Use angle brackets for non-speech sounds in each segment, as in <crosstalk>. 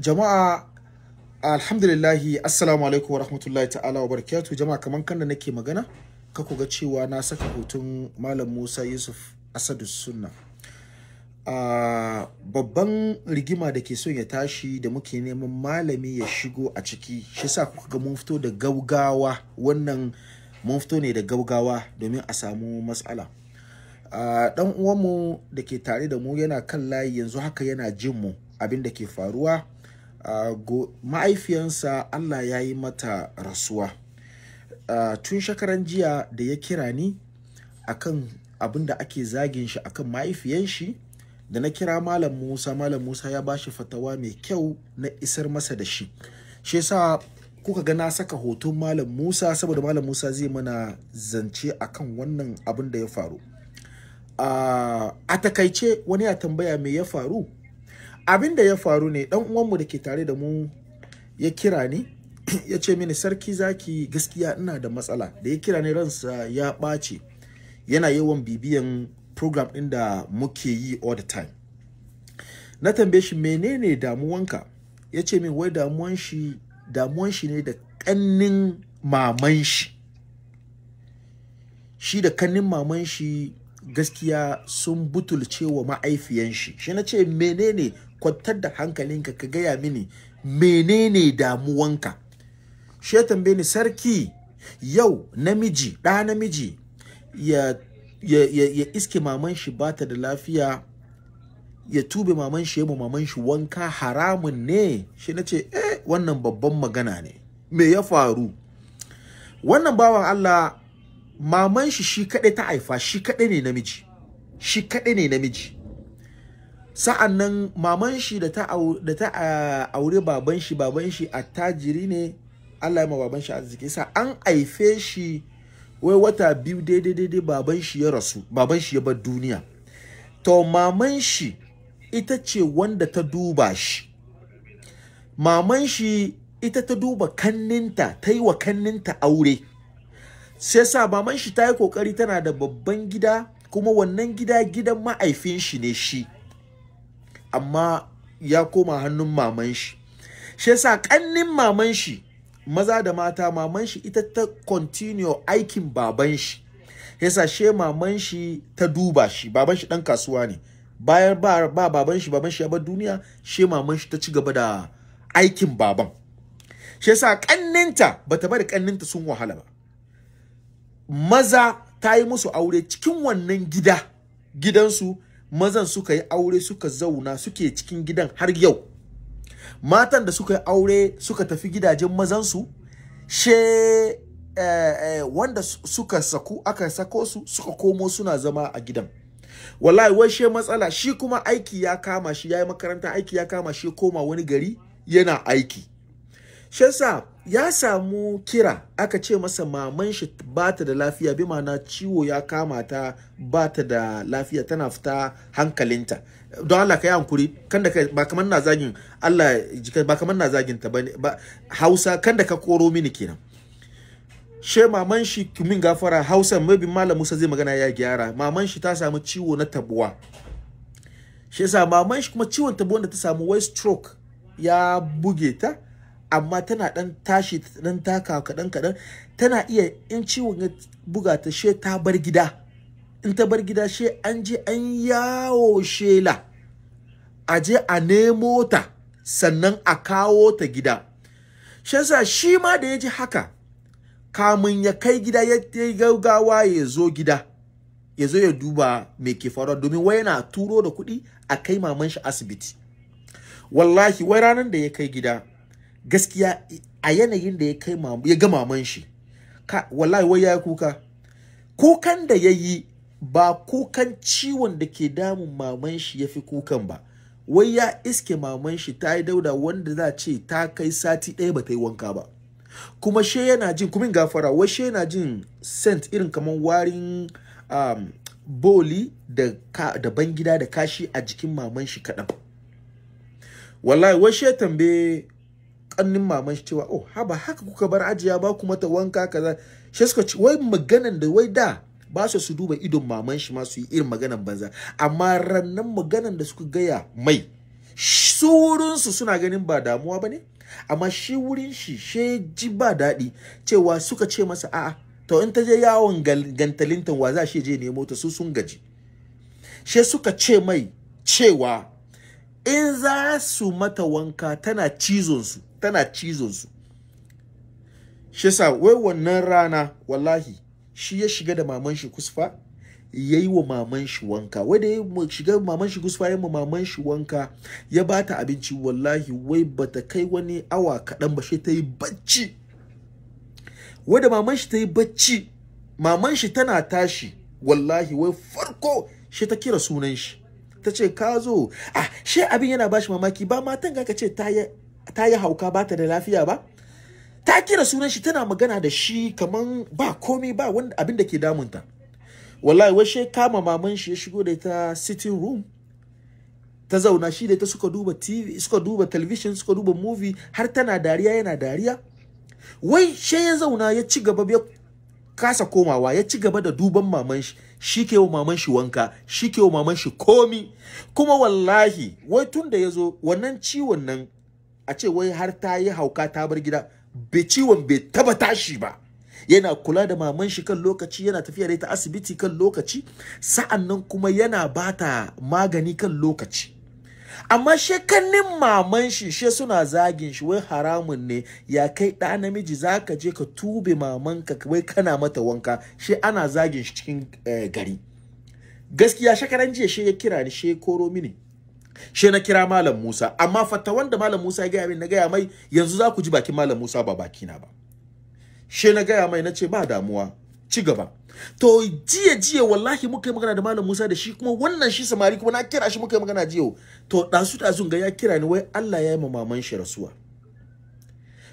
jama'a alhamdulillahi assalamu alaikum rahmatullahi ta'ala wa barakatuh jama'a kamar kan da nake magana ka ga cewa na saka hoton malam Musa Yusuf Asadu Sunna a babban rigima da ke son ya tashi da muke neman malami ya shigo a ciki shi sa kuka ga mun fito da gaugawa wannan mun fito ne da gaugawa domin a samu matsala dan uwanmu da ke tare da mu yana kan layi yanzu haka yana jin mu abin da ke faruwa ma'aifiyansa Allah ya yi mata rasuwa tun shekaran jiya da ya kira ni akan abin da ake zagin shi akan mahaifiyan shi da na kira malam Musa malam Musa ya ba shi fatawa mai kyau na isar masa da shi shi yasa kuka ga na saka hoton malam Musa saboda malam Musa zai mana zance akan wannan abin da ya faru a takaice wani ya tambaya me ya faru abin da ya faru ne dan uwanmu da ke tare da mu ya kira ni <clears throat> ya ce mini sarki zaki gaskiya ina da matsala da ya kira ni ransa ya ɓace yana yawan bibiyan program ɗin da muke yi all the time na tambaye shi menene damuwanka ya ce min wai damuwan shi damuwan shi ne da kannin maman shi shi da kannin maman shi gaskiya sun butulce wa ma'aifiyan shi shi na ce menene kwantar da hankalinka ka gaya mini menene damuwanka shi ya tambaye ni sarki yau namiji ɗa namiji ya, ya, ya, ya iske maman shi ba ta da lafiya ya tube maman shi mu maman shi wanka haramun ne shi na ce eh wannan babban magana ne me ya faru wannan bawan Allah maman shi shi kaɗai ta haifa shi kaɗai ne namiji shi kaɗai ne namiji sa'an nan maman shi da ta aure baban shi baban shi attajiri ne Allah ya ma baban shi arziki sa an aife shi wai wata biyu daidai daidai baban shi ya rasu baban shi ya bar duniya to maman shi ita ce wanda ta duba shi maman shi ita ta duba kanninta ta yi wa kanninta aure sai sa maman shi ta yi kokari tana da babban gida kuma wannan gida gidan ma'aifin shi ne shi amma ya koma hannun maman shi shi yasa kannin maman shi maza da mata maman shi ita ta continue aikin baban shi yasa she maman shi ta duba shi baban shi dan kasuwa ne bayan ba, ba baban shi baban shi ya bar duniya she maman shi ta ci gaba da aikin baban shi yasa kanninta bata bari kanninta sun wahala ba maza ta yi musu aure cikin wannan gida gidansu mazan suka yi aure suka zauna suke cikin gidan har yau matan da suka yi aure suka tafi gidajen mazansu she eh, eh, wanda suka saku aka sako su suka komo suna zama a gidan wallahi wai she matsala shi kuma aiki ya kama shi yayi makaranta aiki ya kama shi koma wani gari yana aiki shi ya samu kira aka ce masa maman shi ba ta da lafiya bi ma'ana ciwo ya kama ta ba ta da lafiya tana fita hankalinta don Allah ka yi hankuri kan da ba kamar na zagin Allah ba kamar na zagin ta bane ba Hausa kan da ka koro mini kenan she maman shi kumin gafara Hausa maybe Malam Musa zai magana ya gyara maman shi ta samu ciwo na tabuwa she yasa maman shi kuma ciwon tabuwan da ta samu wai stroke ya buge ta amma tana ɗan tashi dan taka kaɗan-kaɗan, tana iya in ciwon ya buga ta she ta bar gida in ta bar gida she an je an yawo shela a je a nemo ta sannan a kawo ta gida shi shi ma da ya ji haka kamun ya kai gida ya gaugawa ya zo gida ya zo ya duba mai ke faruwa domin wai yana turo da kuɗi a kai maman shi asibiti wallahi wai ranar da ya kai gida gaskiya a yanayin da ya kai ya ga maman shi ka wallahi wai ya kuka kukan da ya yi ba kukan ciwon da ke damun maman shi ya fi kukan ba wai ya iske maman shi ta yi dauda wanda za ce ta kai sati ɗaya ba ta yi wanka ba kuma she yana jin kumin gafara wai she yana jin scent irin kamar warin um, boli da, ka, da bangida da kashi a jikin maman shi kaɗan wallahi wai she tambaye tsannin maman shi cewa oh haba haka kuka bar ajiya ba ku mata wanka kaza shi suka ci wai maganan da wai da ba su su duba idon maman shi ma su yi irin maganan banza amma rannan maganan da suka gaya mai su suna ganin ba damuwa ba ne amma shi wurin shi she ji ba daɗi cewa suka ce masa a'a to in ta je yawon gantalintan wa za shi je nemo ta su sun gaji she suka ce mai cewa in za su mata wanka tana cizonsu tana cizonsu shi yasa wai wannan rana wallahi shi ya shiga da maman shi kusfa ya yi wa maman shi wanka wai da ya shiga maman shi kusfa ya yi wa maman shi wanka ya ba ta abinci wallahi wai bata kai wani awa kaɗan ba shi ta yi bacci wai da maman shi ta yi bacci maman shi tana tashi wallahi wai farko shi ta kira sunan shi ta ce ka zo ah she abin yana ba shi mamaki ba matan ga ka ce ta yi hauka ba ta da lafiya ba ta kira sunan shi tana magana da shi kaman ba komi ba wanda abin da ke damunta wallahi wai she kama maman shi ya shigo da ta sitting room ta zauna shi da ta suka duba TV suka duba television suka duba movie har tana dariya yana dariya wai she ya zauna ya ci gaba ya kasa komawa ya ci gaba da duban maman shi shi ke maman shi wanka shi ke maman shi komi kuma wallahi wai tun da ya zo wannan ciwon nan a ce wai har ta yi hauka ta bar gida bai ciwon bai taba tashi ba yana kula da maman shi kan lokaci yana tafiya da ita asibiti kan lokaci Sa'annan kuma yana bata magani kan lokaci amma shekannin maman shi she suna zagin shi wai haramun ne ya kai ɗa namiji za ka je ka tube mamanka wai kana mata wanka she ana zagin shi cikin eh, gari gaskiya shekaran jiya she ya kira ni she koro mini she na kira malam Musa amma fata wanda malam Musa ya gaya min na gaya mai yanzu za ku ji bakin malam Musa ba bakina ba she na gaya mai na ce ba damuwa ci gaba to jiya jiya wallahi muka yi magana da malam Musa da shi kuma wannan shi samari kuma na kira shi muka yi magana jiya to dasu dasun ga ya kira ni wai Allah ya yi mamaman shi rasuwa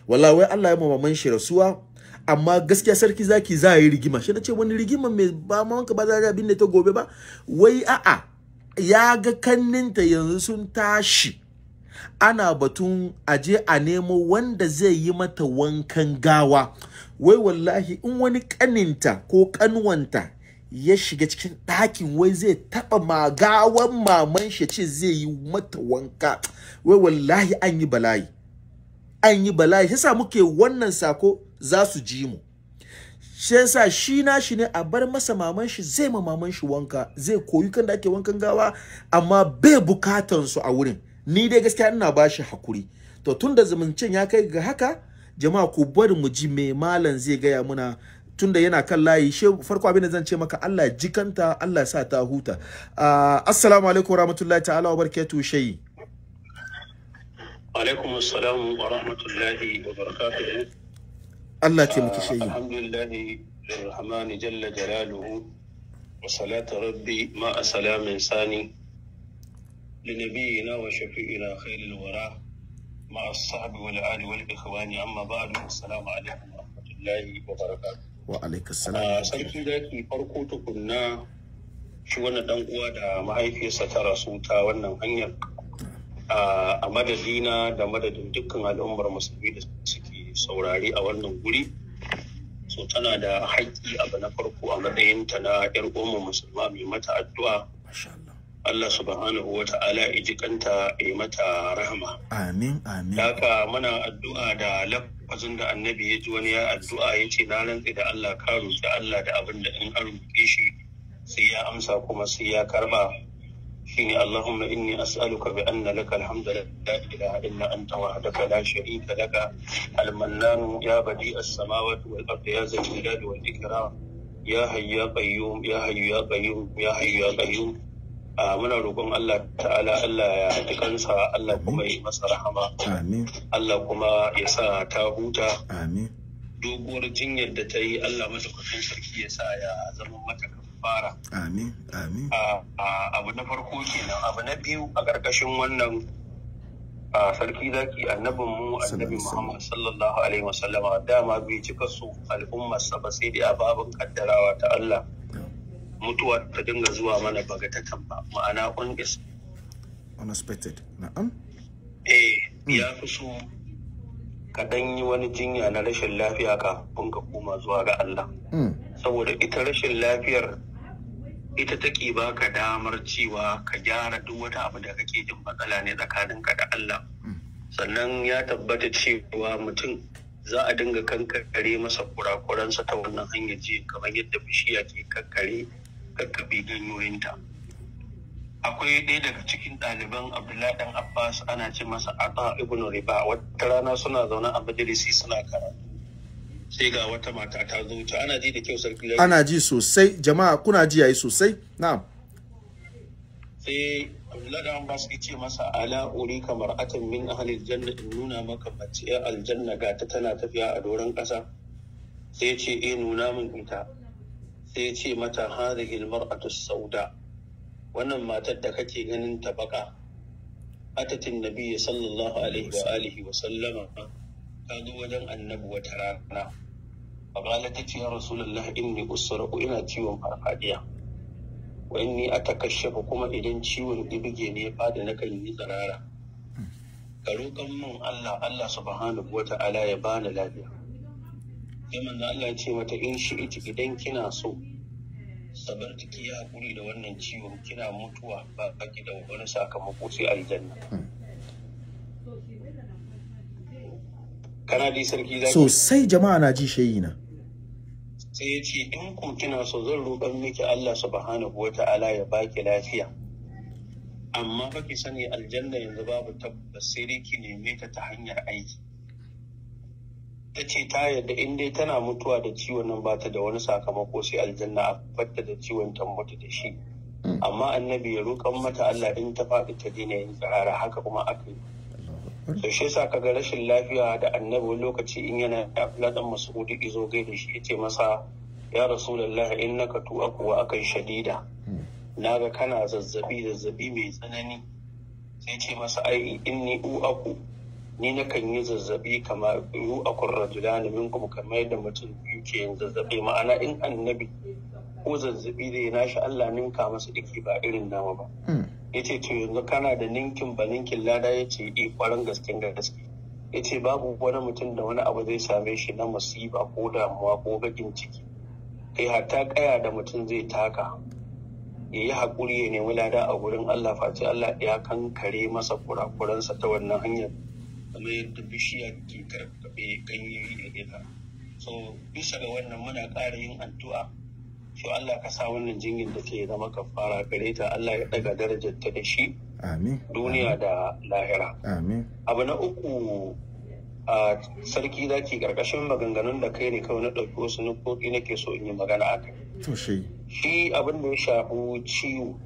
wallahi wai Allah ya yi mamaman shi rasuwa amma gaskiya sarki zaki za yi rigima shi ce wani rigima mai ba mamanka ba za a binne ta gobe ba wai a'a ya ga kanninta yanzu sun tashi ana batun aje a nemo wanda zai yi mata wankan gawa wai wallahi in wani kaninta ko kanwanta ya shiga cikin ɗakin wai zai taɓa magawan maman shi ce zai yi mata wanka wai wallahi an yi bala'i an yi bala'i yasa muke wannan sako za su ji mu shi sa shi na shi ne a bar masa maman shi zai ma maman shi wanka zai koyi kan da ake wankan gawa amma bai bukatan su a wurin ni dai gaskiya ina ba shi hakuri to tun da zumuncin ya kai ga haka jama'a ku bari mu ji me malam zai gaya muna tunda yana kan layi she farko abin da zan ce maka Allah jikanta Allah sa ta huta ah, assalamu alaikum warahmatullahi ta'ala wabarakatuh shayi alaikum assalam wa rahmatullahi wa ya Allah taimaki shayi ah, Alhamdulillahi rahmani jalla jalaluhu wa salatu rabbi ma salamin sani wa shafi'ina khairul wara مع الصحب والآل والإخوان أما بعد السلام عليكم ورحمة الله وبركاته وعليك السلام sarki zaki farko tukunna shi ɗan dan uwa da mahaifiyarsa ta rasu ta wannan hanyar a madadina da madadin dukkan al'ummar musulmi da suke saurari a wannan guri so tana da haƙƙi abu na farko a matsayinta na 'yar ummar mai mata addu'a Allah subhanahu wa ta'ala ijikanta ya mata rahama. Amin, amin. Daka mana addu'a da lafazin da annabi ya ji wani ya addu'a ya ce na rantse da Allah ka roƙi Allah da abin da in an shi sai ya amsa kuma sai ya karba. Shine Allahumma inni as'aluka bi anna laka alhamdu la ilaha illa anta wahdaka la sharika laka al-mannan ya badi as-samawati wal ardi ya zal jalali wal ikram ya hayyu ya qayyum ya hayyu ya qayyum ya hayyu ya qayyum muna roƙon Allah ta'ala Allah ya kansa, Allah kuma ya masa rahama Allah kuma ya sa ta huta doguwar jinyar da ta yi Allah madaukakin sarki ya sa ya zama mata fara abu na farko kenan abu na biyu a ƙarƙashin wannan a sarki zaki annabin mu annabi Muhammad sallallahu alaihi wasallama dama bai cika su al'ummar sa ba sai da babin kaddarawa ta Allah mutuwa ta dinga zuwa mana bagatatan ba ma'ana ƙungis unexpected na'am eh hmm. ya fi so ka yi wani jinya na rashin lafiya kafin ka koma zuwa ga Allah hmm. saboda ita rashin lafiyar ita take ka damar cewa ka gyara duk wata abu da kake jin matsala ne tsakanin ka da Allah hmm. sannan ya tabbata cewa mutum za a dinga kankare masa kurakuransa ta wannan hanyar ji kamar yadda bishiya ke kankare kakkaɓe ganyoyinta akwai ɗaya daga cikin ɗaliban abdullahi dan abbas ana ce masa ata ibn riba wata rana suna zaune a majalisi suna karatu sai ga wata mata ta zo ta ana ji da kyau sarki ana ji sosai jama'a kuna ji yayi sosai na'am sai abdullahi dan abbas ya ce masa ala uri kamar atan min ahli aljanna in nuna maka mace aljanna ga ta tana tafiya a doron ƙasa sai ya ce eh nuna min ita sai ya ce mata hadhihi almar'atu sauda wannan matar da kake ganin ta baka atatin nabiyyi sallallahu alaihi wa alihi wa sallama ta zo wajen annabi wata rana faqala ta ce ya rasulullahi inni usraku ina ciwon farfadiya wa inni atakashafa kuma idan ciwon dibige ne ya fada nakan yi tsirara ka roƙan min Allah Allah subhanahu wa ta'ala ya bani lafiya ya manzo Allah ya ce mata in shi ita idan kina so sabar ki ya hakuri da wannan ciwon kina mutuwa ba kake da wani sakamako sai aljanna kana sarki zaki sosai jama'a na ji shayi na sai ya ce in ku kina so zan roƙon miki Allah subhanahu wata'ala ya baki lafiya amma baki sani aljanna yanzu babu tabbas sai dai ki neme ta ta hanyar aiki ta ce ta yarda in dai tana mutuwa da ciwon nan ba ta da wani sakamako sai aljanna a batta da ciwon ta mutu da shi mm. amma annabi ya roƙan mata Allah in ta faɗi ta dina yin tsirara haka kuma aka yi da mm. shi yasa kaga rashin lafiya da annabi lokaci in yana Abdullah dan Mas'ud izo gai da shi yace masa ya rasulullahi innaka tu'aku wa akan shadida mm. naga kana zazzabi zazzabi mai tsanani sai ce masa ai inni u'aku ni na kan yi zazzabi kamar yu a kurra ne min kamar yadda mutum biyu ke yin zazzabi ma'ana in annabi ko zazzabi da ya nashi Allah ninka masa diki ba irin nama ba hmm. ya ce to yanzu kana da ninkin ba ninkin lada ya ce i eh, kwarin gasken gaske ya ce babu wani mutum da wani abu zai same shi na musiba ko damuwa ko bakin ciki kai hatta kaya da mutum zai taka ya yi haƙuri ya nemi lada a gurin Allah face Allah ya kankare masa kurakuransa ta wannan hanyar kuma yadda bishiya ke karkaɓe ganyoyi da gefa so bisa ga wannan muna ƙara yin addu'a shi Allah ka sa wannan jingin da ke zama kafara gare ta Allah ya daga darajar ta da shi duniya da lahira abu na uku a sarki zaki karkashin maganganun da kai ne kawai na ɗauki wasu nukoki nake so in yi magana a kai shi abin da ya shafi ciwo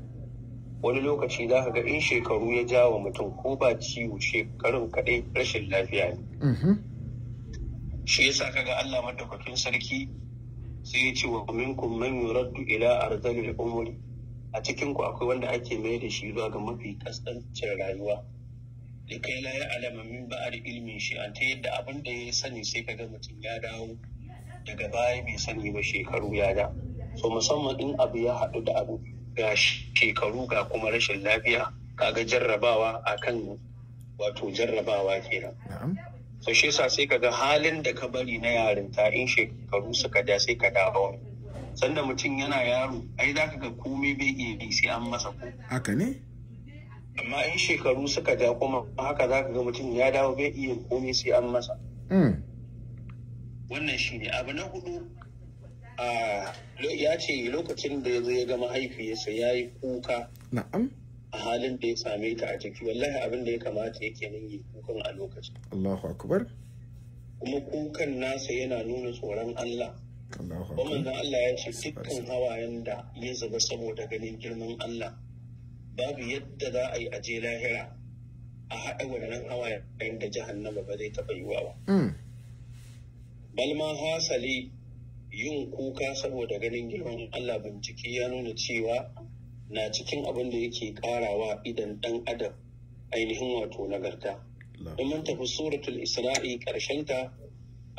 wani lokaci za ka ga in shekaru ya ja wa mutum ko ba ciwo shekarun kaɗai rashin lafiya ne mm-hmm. shi yasa ga Allah madaukakin sarki sai ya ce wa minkum man yuraddu ila ardalil umri a cikin ku akwai wanda ake mai da shi zuwa ga mafi kasancin rayuwa da kai la ya alama min da ilmin shi an ta yadda abin da ya sani sai ka ga mutum ya dawo daga baya bai sani ba shekaru ya da so musamman in abu ya haɗu da abu ga shekaru ga kuma rashin lafiya kaga jarrabawa a kan wato jarrabawa kenan so shi sa sai kaga halin da ka bari na yarinta in shekaru suka da sai ka dawo sanda mutum yana yaro ai za ka ga komai bai iya sai an masa ko haka ne amma in shekaru suka ja kuma haka za ka ga mutum ya dawo bai iya komai sai an masa mm. wannan shi ne abu na hudu ya ce lokacin da ya zo ya ga mahaifiyarsa ya yi kuka a halin da ya same ta a ciki wallahi abin da ya kamata yake nan yi kukan a lokacin Allahu akbar kuma kukan nasa yana nuna tsoron Allah Wannan Allah ya ce dukkan hawayen da ya zuba saboda ganin girman Allah babu yadda za a yi aje lahira a haɗa wannan hawayen da jahannama ba zai taɓa yiwa ba. Mm. Balma hasali yin kuka saboda ganin girman Allah bincike ya nuna cewa na cikin abin da yake karawa idan dan adam ainihin wato nagarta. In mun tafi suratul Isra'i ta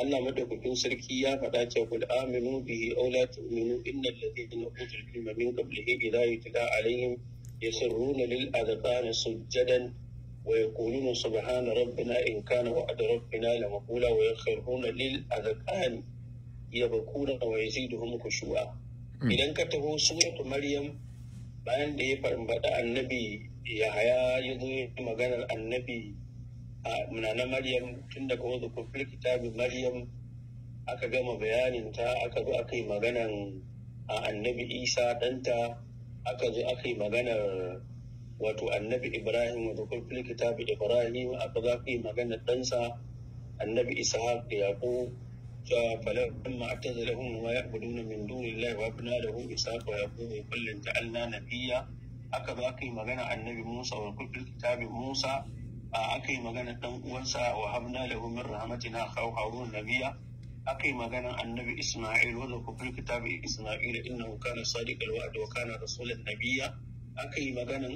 Allah madaukakin sarki ya faɗa ce kul aminu bihi aw la tu'minu innal ladina utul ilma min qablihi idza yutla alaihim yasirruna lil adqani sujadan ويقولون سبحان ربنا إن كان وعد ربنا لمقولا ويخرون للأذقان ya bakura wa muku khushu'a hmm. idan ka taho suratu maryam bayan da ya farmada annabi ya haya ya zo maganar annabi a na maryam tun daga wanzu kufil kitabi maryam aka gama bayanin ta aka zo aka yi maganar a annabi isa ɗanta aka zo aka yi maganar wato annabi ibrahim wato kufil kitabi ibrahim aka zo aka yi maganar ɗansa annabi ishaq da yaƙo فلما اعتزلهم وما يعبدون من دون الله وابنا له اسحاق ويعقوب وكلا جعلنا نبيا aka ba aka yi magana annabi Musa wa kullu kitabin Musa aka yi magana dan uwansa wa habna lahu min rahmatina khaw harun nabiya aka yi magana annabi Isma'il wa kullu kitabin Isma'il innahu kana sadiqal yi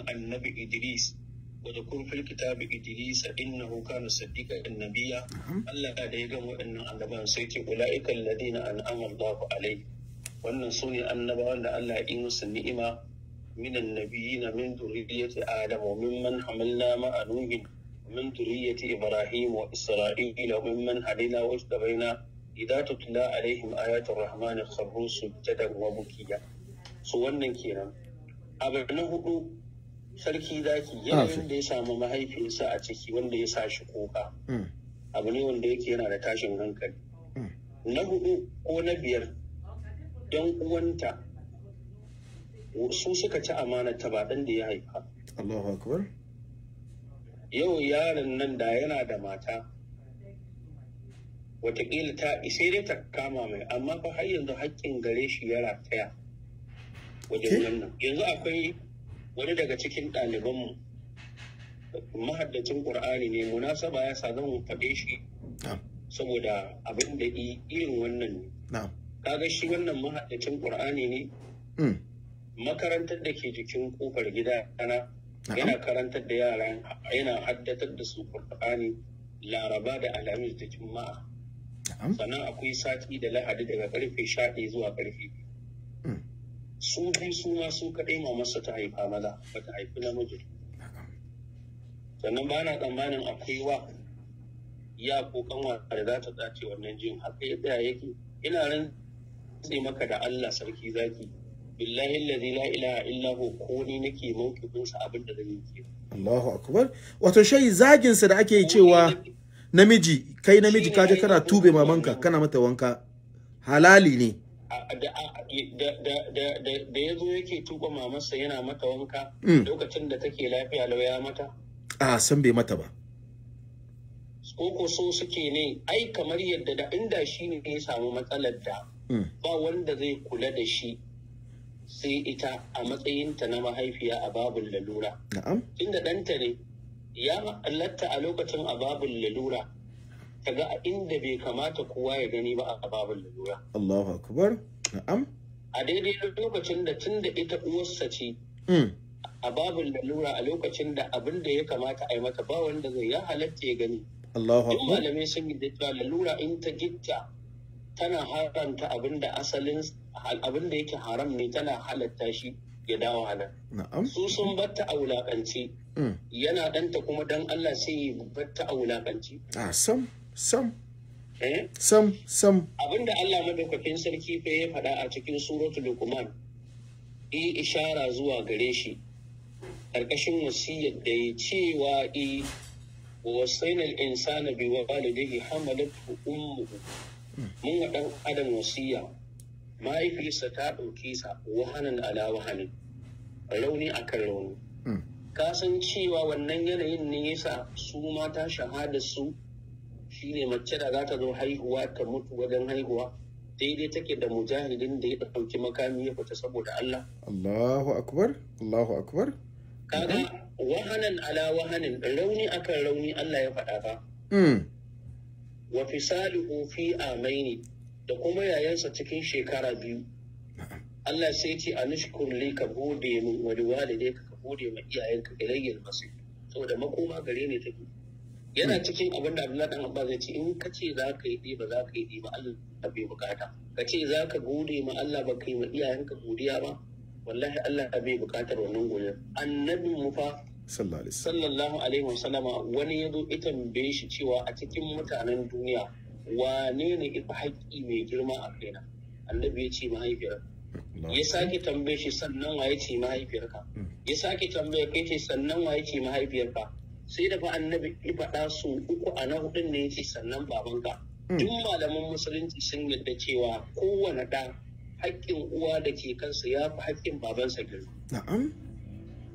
annabi Idris wadakun fil kitabi idrisa innahu kana saddiqan nabiyya Allah da ya ga waɗannan annabawan sai ce ulaika alladina an'ama Allahu alaihi wannan sune annabawan da Allah ya yi musu ni'ima minan nabiyina min zurriyyati adam wa mimman hamalna ma'a nuhin min zurriyyati ibrahim wa isra'ila wa mimman hadina wa istabaina idza tutla alaihim rahmani kharru sujadan wa bukiya so wannan na hudu sarki zaki ah, yanayin da ya samu mahaifinsa a ciki wanda ya sa shi koka hmm. abu ne wanda yake yana da tashin hankali hmm. na hudu ko na biyar don uwanta su suka ci amana ta ba da ya haifa Allahu akbar yau yaron nan da yana da mata watakila ta sai dai ta kama mai amma fa har yanzu haƙƙin gare shi ya rataya wajen wannan yanzu akwai wani daga cikin ɗalibanmu mahaddacin ƙur'ani ne munasaba ya sa zan faɗe shi saboda abin da irin wannan ne kaga shi wannan mahaddacin ƙur'ani ne mm. makarantar da ke jikin ƙofar gida ana yana karantar da yara yana haddatar da su ƙur'ani laraba da alamis da juma'a sannan akwai sati da lahadi daga karfe sha zuwa karfe su biyu su ma su kaɗai mamarsa ta haifa maza ba ta haifi namiji sannan ba na tsammanin akwai wa ya ko kanwa da za ta dace wannan jin haka ya tsaya yake ina ran sai maka da Allah sarki zaki billahi allazi la ilaha illa hu ko ni nake mawkifin sa abin da zan yi Allahu akbar wato shayi zagin sa da ake cewa namiji kai namiji kaje kana tube mamanka kana mata wanka halali ne da ya zo yake tuba mamarsa yana mata wanka hmm. lokacin da take lafiya lauya ya mata? A san bai mata ba. Koko so suke ne ai kamar yadda da inda shi ne ya samu matsalar da hmm. ba wanda zai kula da shi sai ita a matsayinta na mahaifiya a babul lalura. Tunda ɗanta ne ya halatta a lokacin a babun lalura kaga a inda bai kamata kowa ya gani ba a babin lalura Allahu akbar na'am a daidai lokacin da tun da ita uwarsa ce mm. a babin lalura a lokacin da abin da ya kamata a yi mata ba wanda zai ya halatta ya gani Allahu akbar malamai sun yi cewa lalura in ta gitta tana haramta abin da asalin abin da yake haram ne tana halatta shi ya dawo Na'am. su sun batta a wulakanci mm. yana ɗanta kuma dan Allah sai ya batta a wulakanci a ah, sam sam eh? sam sam abinda Allah madaukakin sarki fa ya faɗa a cikin suratul luqman yi ishara zuwa gare shi ƙarƙashin wasiyyar da ya cewa i wasaina al-insana bi walidihi hamalatu ummuhu mun ga dan adam wasiya mahaifiyarsa ta ɗauke sa wahanan ala wahanin rauni akan rauni hmm. ka san cewa wannan yanayin ne yasa su mata shahadar su shine mace da za ta zo haihuwa ta mutu wajen haihuwa daidai take da mujahidin da ya ɗauki makami ya fita saboda Allah. Allahu akbar, Allahu akbar. Kaga wahanan ala wahanin rauni akan rauni Allah ya faɗa ba. Hmm. Wa fisalihu fi amaini da kuma yayansa cikin shekara biyu. Allah sai ce a nishkur li ka gode min wani walidai ka gode ma iyayenka ilayyar masu saboda makoma gare ne take. yana hmm. cikin abin da Abdullahi dan abba zai ce in ka ce za ka yi ba za ka yi ba Allah bai bukata ka ce za ka gode ma Allah ba yi ma iyayenka godiya ba wallahi Allah bai bukatar wannan godiya annabi mu fa sallallahu alaihi wasallama wani ya zo ita mbe shi cewa a cikin mutanen duniya wane ne ifa haƙƙi mai girma a kaina annabi ya ce mahaifiyar hmm. ya sake tambaye shi sannan waye ce mahaifiyarka ya sake tambaye kai ce sannan waye ce mahaifiyarka sai da fa annabi ya faɗa su uku a na hudun ne yace sannan babanka hmm. duk malaman musulunci sun yarda cewa kowane ɗa haƙƙin uwa da ke kansa ya fi haƙƙin babansa girma na'am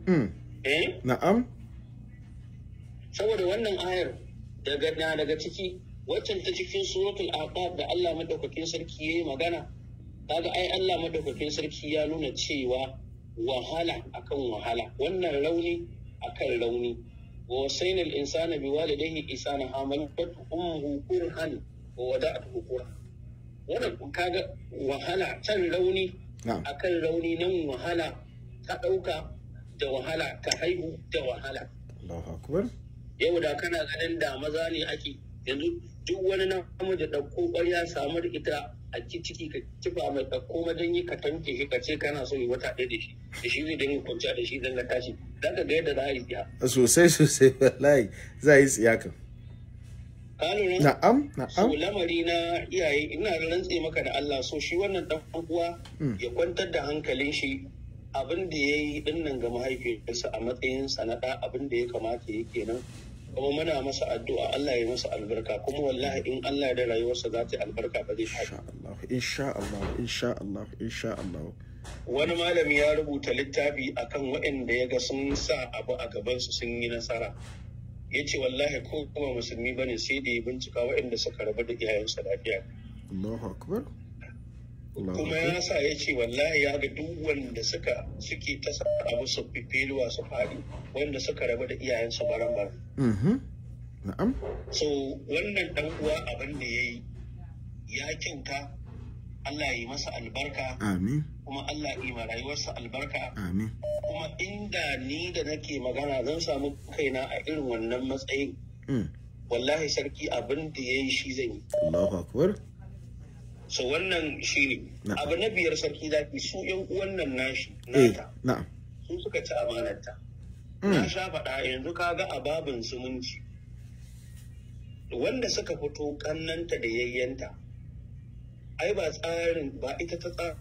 hmm. eh? na'am saboda wannan ayar daga na daga ciki waccan ta cikin suratul aqab da Allah madaukakin sarki yayi magana kaga ai Allah madaukakin sarki ya nuna cewa wahala akan wahala wannan rauni akan rauni wa wasaina al-insana bi walidayhi ihsana hamalat ummuhu qurhan wa wada'atuhu qurhan wannan kaga wahala can rauni akan rauni nan wahala ta dauka da wahala ta haihu da wahala yau da kana ganin da maza ne ake yanzu duk wani namiji ɗauko ƙwarya samu samar ita aiki ciki ka kifa mai ɗauko majanyi ka tanke shi ka ce kana so yi wata ɗaya da shi da shi zai dinga kwanciya da tashi za ka yadda za a yi tsiya sosai sosai wallahi za a yi tsiya kan na'am na'am so lamari na iyaye ina rantse maka da Allah so shi wannan dan uwa hmm. ya kwantar da hankalin shi abin da ya yi dinnan ga mahaifiyarsa a matsayin sanada abin da ya kamata ya kenan kuma muna masa addu'a Allah ya masa albarka kuma wallahi in Allah ya da rayuwarsa za ta albarka ba zai tashi insha Allah insha Allah insha Allah insha Allah wani malami ya rubuta littafi akan waɗanda ya ga sun sa abu a gabansu sun yi nasara ya ce wallahi ko kuma musulmi ba ne, sai da ya bincika waɗanda suka rabu da iyayensa lafiya kuma ya sa ya ce wallahi ya ga duk wanda suka suke ta abu su fifiluwa su faɗi wanda suka rabu da iyayensu baran-baran mm-hmm. so wannan dan uwa abin da ya yi ya kyauta Allah ya yi masa albarka amin kuma Allah ya yi ma rayuwarsa albarka amin kuma inda ni da nake magana zan samu kaina a irin wannan matsayin mm. wallahi sarki abin da ya yi shi zan yi Allahu akbar so wannan shi ne abu na biyar sarki ki su yan uwan nan nashi eh, nata na'am su suka ci amanarta mm. na sha faɗa yanzu ka ga ababin zumunci wanda suka fito kannanta da yayyanta ai ba tsarin ba ita ta tsara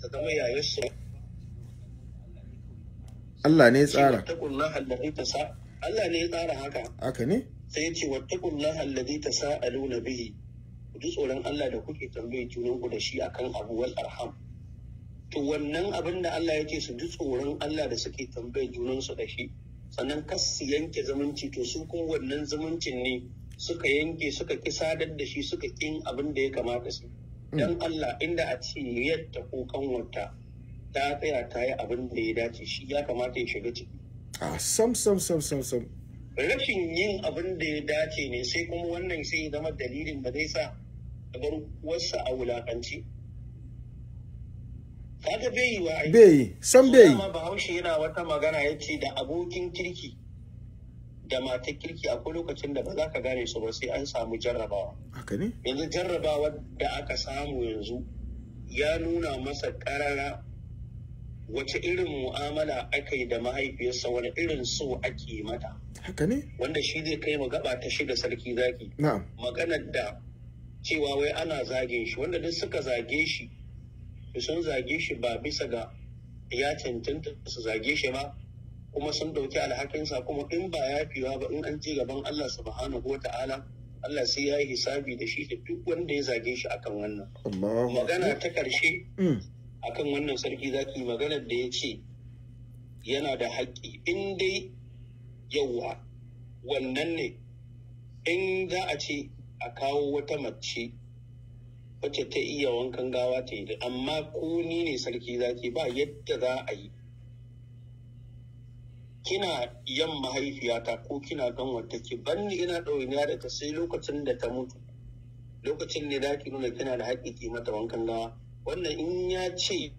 ta zama yayar su Allah ne tsara Allah ne ya tsara haka haka ne sai ya ce wattaqullaha allazi tasaaluna bihi ku ji tsoron Allah da kuke tambayin junan ku da shi akan abu wal arham to wannan abin da Allah ya ce su ji tsoron Allah da suke tambayin junan su da shi sannan kas su yanke zumunci to su kuma wannan zumuncin ne suka yanke suka ki sadar da shi suka kin abin da ya kamata su dan Allah inda a ce yadda ko kanwarta ta tsaya ta yi abin da ya dace shi ya kamata ya shiga ciki a ah, sam sam sam sam sam rashin yin abin da ya dace ne sai kuma wannan sai ya zama dalilin da zai sa bar wasu a wulakanci kaga bai yi wa bai yi san bai Sama bahaushe yana wata magana ya ce da abokin kirki da matan kirki akwai lokacin da ba za ka gane su ba sai an samu jarrabawa haka ne yanzu jarrabawa da aka samu yanzu ya nuna masa karara wace irin mu'amala aka yi da mahaifiyarsa wani irin so ake mata haka ne wanda shi zai kai gaba ta shida sarki zaki maganar da cewa wai ana zage shi wanda duk suka zage shi sun zage shi ba bisa ga ya cancanta su zage shi ba kuma sun dauki alhakinsa kuma in ba ya fiwa ba in an ci gaban Allah subhanahu wa ta'ala Allah sai ya yi hisabi da shi da duk wanda ya zage shi akan wannan magana ta karshe mm. akan wannan sarki zaki maganar da ya ce yana da haƙƙi in dai yawa wannan ne in za a ce a kawo wata mace wacce ta iya wankan gawa ta yi amma ko ni ne sarki zaki ba yadda za a yi kina yan mahaifiyata ko kina ganwar take banni ina ɗauniya daga sai lokacin da ta mutu lokacin ne da ki nuna kina da haƙƙi mata wankan gawa wannan in ya ce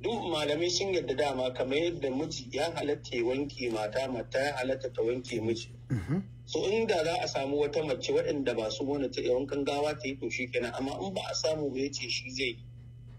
duk malamai sun yarda dama kamar yadda miji ya halatta ya wanke mata mata ya halatta ta wanke miji mm-hmm. so inda za a samu wata mace waɗanda ba su wani ta wankan gawa ta yi to shi kenan amma in ba a samu ba ya ce shi zai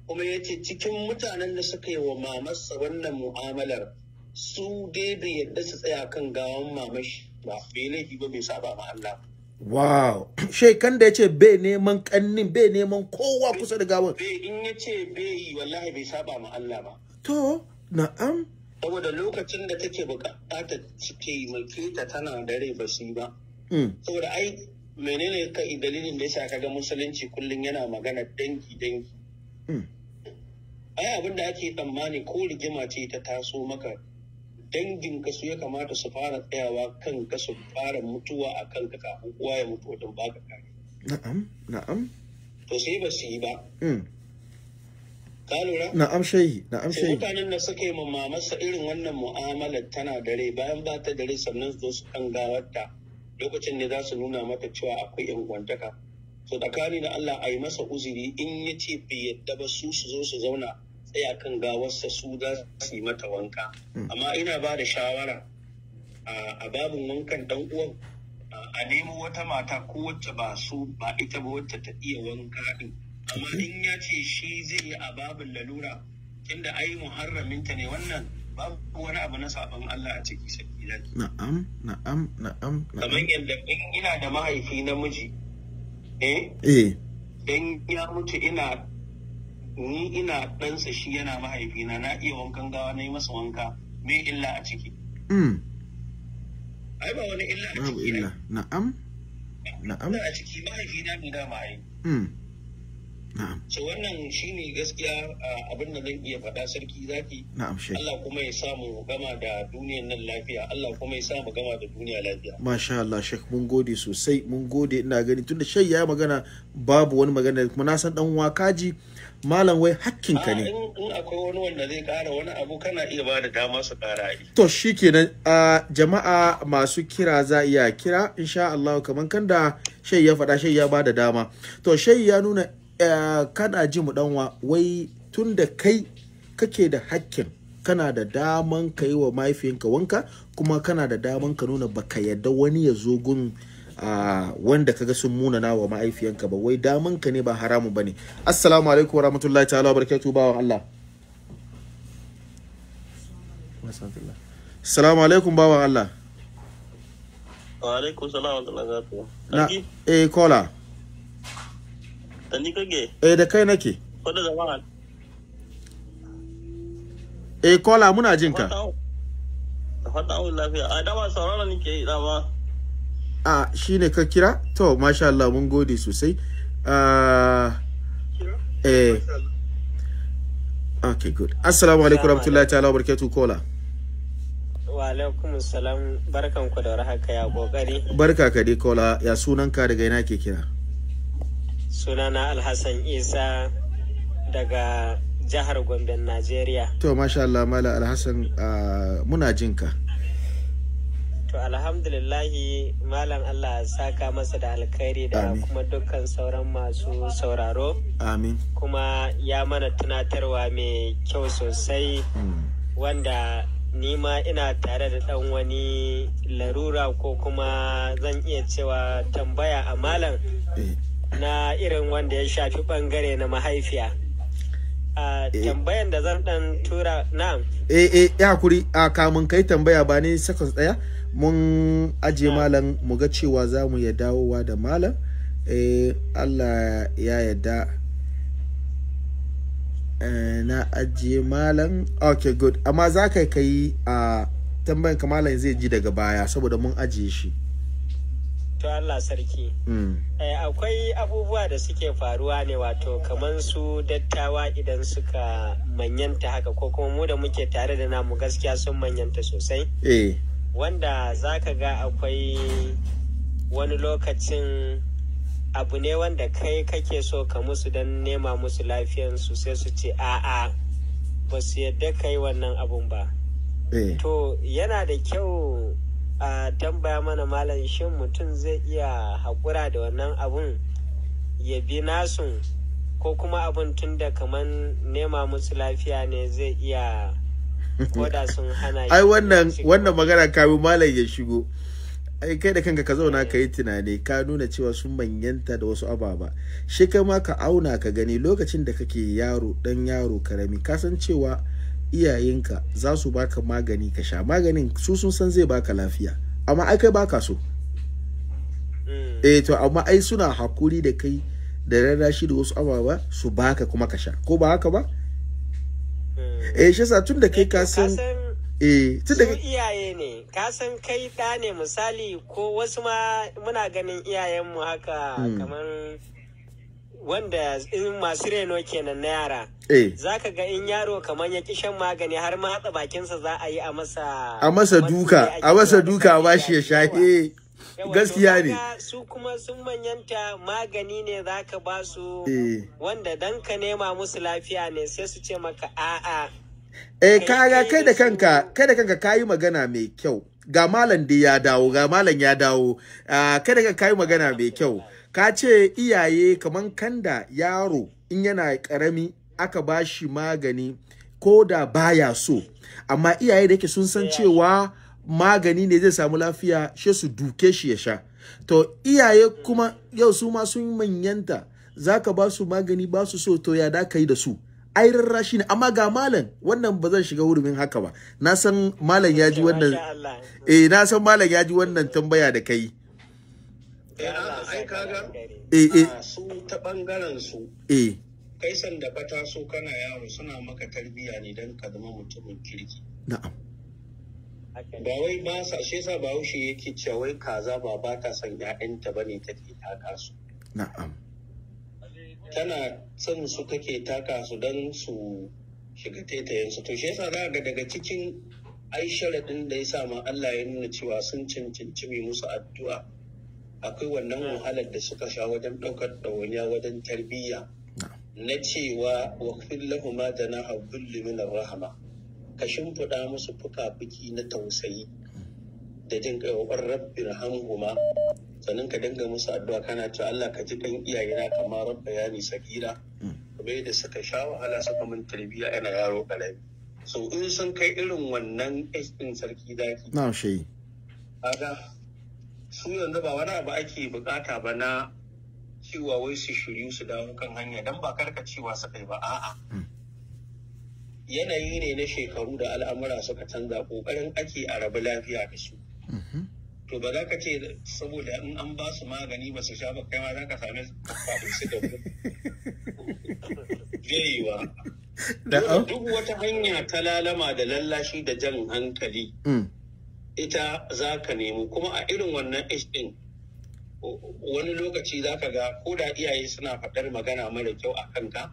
kuma ya ce cikin mutanen da suka yi wa mamarsa wannan mu'amalar su dai bai yadda su tsaya kan gawan mamashi ba bai laifi ba bai saba ma Allah wow <clears throat> shekan da ya ce bai neman kannin bai neman kowa kusa da gawan in ya ce bai yi wallahi bai saba ma Allah ba to na'am saboda lokacin da take bukata take mulki ta tana da rai ba su ba mm. saboda ai menene ka dalilin da yasa kaga musulunci kullum yana magana dangi dangi mm. ai abin da ake tsammani ko rigima ce ta taso maka dangin ka su ya kamata su fara tsayawa kan ka su fara mutuwa a kan ka kafin kowa ya mutu wajen baka kare na'am na'am to sai ba su yi ba mm. ka lura na'am shehi na'am shehi mutanen da suka yi mamarsa irin wannan mu'amalar tana dare bayan ba ta dare sannan su su kan gawarta lokacin ne za su nuna mata cewa akwai yan gwantaka to tsakani da Allah a yi masa uzuri in ya ce bai yadda ba su su zo su zauna tsaya kan gawarsa su za su yi mata wanka hmm. amma ina ba da shawara a babin wankan dan uwan a nemo wata mata ko wacce ba su ba ita ba wacce ta iya wanka din amma hmm. in ya ce shi zai yi a babin lalura inda ai muharraminta ne wannan babu wani abu na sabon Allah a ciki saki zaki na'am na'am na'am kamar yadda ina da mahaifi namiji eh eh dan ya mutu ina ni ina ɗansa shi yana mahaifina na iya wankan gawa na yi masa wanka me illa a ciki mm. ai ba wani illa a ciki illa na'am na'am a ciki mahaifina bai dama ai mm. na'am so wannan ne gaskiya abin da zan iya faɗa sarki zaki na'am shi Allah kuma ya samu gama da duniyar nan lafiya Allah kuma ya samu gama da duniya lafiya masha Allah shek mun gode sosai mun gode ina gani tunda shai ya magana babu wani magana kuma na san dan wakaji kaji malam wai hakkinka ne in akwai wani wanda zai kara wani abu kana iya ba da dama su kara to shikenan a jama'a masu kira za iya kira insha Allah kamar kan da shai ya faɗa shai ya ba da dama to shai ya nuna eh, kana ji mu danwa wai tun da kai kake da hakkin kana da daman ka yi wa mahaifiyanka wanka kuma kana da daman ka nuna baka yadda wani ya zo gun wanda kaga sun munana wa ma'aifiyanka ba wai damanka ne ba ba ne assalamu alaikum wa rahmatullahi ta'ala wa Ba wa Allah assalamu alaikum wa Allah wa alaikum salam wa barakatuhu na eh kola da ni eh da kai nake kwada jama'a eh kola muna jinka da fata lafiya a dama sauraron nake dama a ne ka kira to masha Allah mun gode sosai eh ok good assalamu alaikum rahmatullahi ta'ala wa barakatuh kola wa alaikum salam barkan ku da warhaka ya kokari barka ka dai kola ya sunan ka daga ina ke kira sunana alhassan isa daga jihar gombe najeriya to masha Allah mala alhassan muna jinka To alhamdulillahi malam Allah saka masa da alkhairi da kuma dukkan sauran masu sauraro. Amin. Kuma ya mana tunatarwa mai kyau sosai hmm. wanda ni ma ina tare da ɗan wani larura ko kuma zan iya cewa tambaya a malam eh. na irin wanda ya shafi ɓangare na mahaifiya. Uh, tambayan da zan ɗan tura na. Eh eh ya kuri, a kamun kai tambaya ba ne sakas ɗaya. mun aje malam mu ga cewa za mu ya dawowa da malam eh Allah ya yadda eh, na ajiye malam ok good amma za ka kai a tambayin ka malam zai ji daga baya saboda mun ajiye shi to Allah sarki hmm. eh, akwai abubuwa da suke faruwa ne wato kamar su dattawa idan suka manyanta haka ko kuma mu da muke tare da namu gaskiya sun manyanta sosai eh wanda za ka ga akwai wani lokacin abu ne wanda kai kake so ka musu don nema musu lafiyansu sai su ce a'a ba su yadda ka yi wannan abun ba eh. to yana da kyau a tambaya mana malam shin mutum zai iya haƙura da wannan abun ya bi nasu ko kuma abun tun da kaman nema musu lafiya ne zai iya ai wannan wannan magana kawo malam ya shigo ai kai da kanka ka zauna ka yi tunani ka nuna cewa sun manyanta da wasu ababa shi kai ma ka auna ka gani lokacin da kake yaro dan yaro karami ka san cewa iyayenka za su baka magani ka sha maganin su sun san zai baka lafiya amma ai kai baka so mm. eh to amma ai suna hakuri da kai da rarrashi da wasu ababa su baka kuma ka sha ko ba haka ba eh shi yasa tun da kai ka eh, san eh tun da iyaye ne ka san kai da ne misali ko wasu ma muna ganin iyayenmu haka hmm. kamar wanda in masu reno kenan na yara eh. za ka ga in yaro kamar ya ki shan magani har ma hatsa bakinsa za a yi a masa a masa duka a masa duka ba shi ya sha gaskiya ne su kuma sun manyanta magani ne za ka ba su eh. wanda dan ka nema musu lafiya ne sai su ce maka a'a eh kaga kai da kanka kai da kanka kayi magana mai kyau ga malam da ya dawo ga malam ya dawo ah, kai da kanka kayi magana mai kyau ka ce iyaye kaman kanda yaro in yana karami aka ba shi magani ko da baya so amma iyaye da yake sun san cewa magani ne zai samu lafiya shi su duke shi ya sha to iyaye kuma yau su ma sun manyanta zaka ba su magani ba su so to ya da kai da su ai rarrashi ne amma ga malam wannan ba zan shiga hurumin haka ba na san malam ya ji wannan eh na san malam ya ji wannan tambaya da kai kaga eh eh su ta bangaren su eh kai san da ta so kana yawo suna maka tarbiyya ne dan ka zama mutumin kirki na'am ba wai ba sa shi yasa bahaushe yake cewa wai kaza ba ba ta son ƴaƴanta bane take taka su na'am tana son su take taka su don su shiga taitayen su to shi yasa za ga daga cikin ai ɗin da ya sa ma Allah ya nuna cewa sun cancanci mai musu addu'a akwai wannan wahalar da suka sha wajen ɗaukar ɗawaniya wajen tarbiyya na cewa wa lahuma da na habbulli rahama ka shimfiɗa musu fuka-fuki na tausayi da jin ƙaiwabar rabbin hanguma, sannan ka dinga musu addu'a kana cewa Allah ka ji kan iyayena kamar rabba yani sakira kuma yadda suka sha wahala suka min tarbiyya yana yaro karami so in sun kai irin wannan ɗin sarki zaki na shi kaga su yanzu ba wani abu ake bukata ba na cewa wai su shiryu su dawo kan hanya dan ba karkacewa su kai ba a'a yanayi ne na shekaru da al'amura suka canza kokarin ake a rabu lafiya da su mm-hmm. to ba za ka ce saboda in an ba su magani ba su sha ba kai ma za ka same su da <laughs> zaiwa duk wata hanya ta lalama da lallashi da jan hankali mm. ita za ka nemo kuma a irin wannan din wani lokaci za ka ga ko da iyaye suna faɗar magana mara kyau a kanka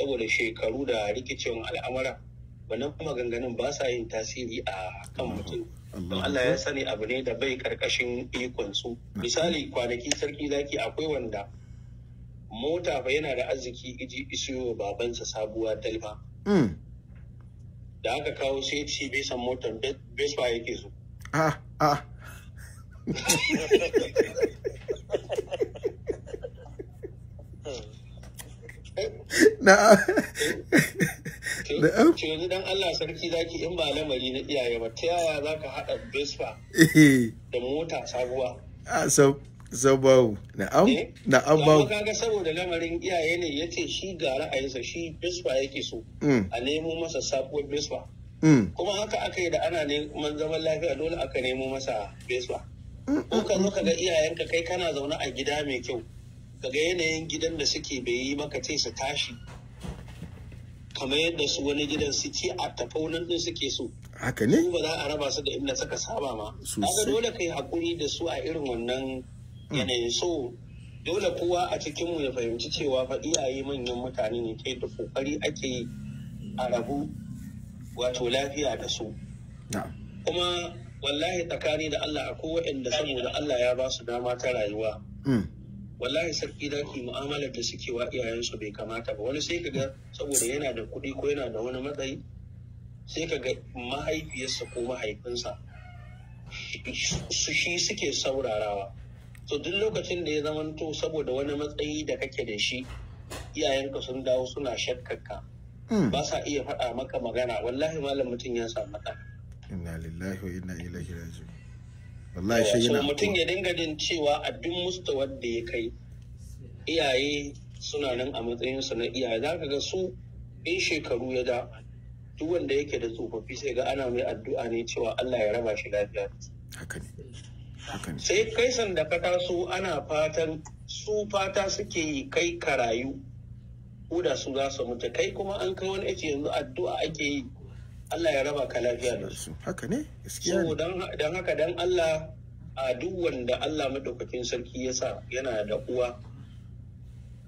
saboda shekaru da rikicin al'amura wannan maganganun ba sa yin tasiri a kan mutum don Allah ya sani abu ne da bai karkashin ikon su misali kwanaki sarki zaki akwai wanda mota ba yana da arziki iji isiyo babansa sabuwa dalma hmm. da aka kawo sai ce bai motar vespa yake so ah, ah. <laughs> na'am na'am to yanzu dan Allah sarki zaki in ba lamari na iyaye ba ta yaya zaka hada Vespa da mota sabuwa a sau sau bawu na'am eh? na'am bawu kaga saboda lamarin iyaye ne yace shi ga ra'ayinsa shi Vespa yake so mm. a nemo masa sabuwar Vespa mm. kuma haka aka yi da ana neman zaman lafiya dole aka nemo masa Vespa mm, ko ka zo ka ga iyayenka kai kana zaune a gida mai kyau kaga yanayin gidan da suke bai yi maka ce su tashi kamar yadda su wani gidan su ci a tafaunan din suke so haka ne ba za a raba su da inda suka saba ma kaga dole kai hakuri da su a irin wannan yanayin so dole kowa a cikinmu ya fahimci cewa fa iyaye manyan mutane ne ta yadda kokari ake a rabu wato lafiya da su kuma wallahi tsakani da Allah akwai waɗanda saboda Allah ya ba su dama ta rayuwa mm. wallahi sarki daki mu'amalar da suke wa iyayensu bai kamata ba wani sai kaga saboda yana da kuɗi ko yana da wani matsayi sai kaga mahaifiyarsa ko mahaifinsa su shi suke saurarawa to duk lokacin da ya zama to saboda wani matsayi da kake da shi iyayenka sun dawo suna shakkaka hmm. ba sa iya faɗa maka magana wallahi malam mutum ya samu matsala inna lillahi wa inna ilaihi raji'un wallahi mutum ya dinga jin cewa a duk mustawar da ya kai iyaye suna nan a matsayin su na iyaye za ka ga su in shekaru ya da duk wanda yake da tsofaffi sai ga ana mai addu'a ne cewa Allah ya raba shi lafiya haka ne sai kai san da ka taso ana fatan su fata suke yi kai ka rayu ko da su za su mutu kai kuma an kai wani yanzu addu'a ake yi Allah ya raba ka lafiya da su haka ne gaskiya dan haka dan Allah a duk wanda Allah madaukakin sarki ya sa yana da uwa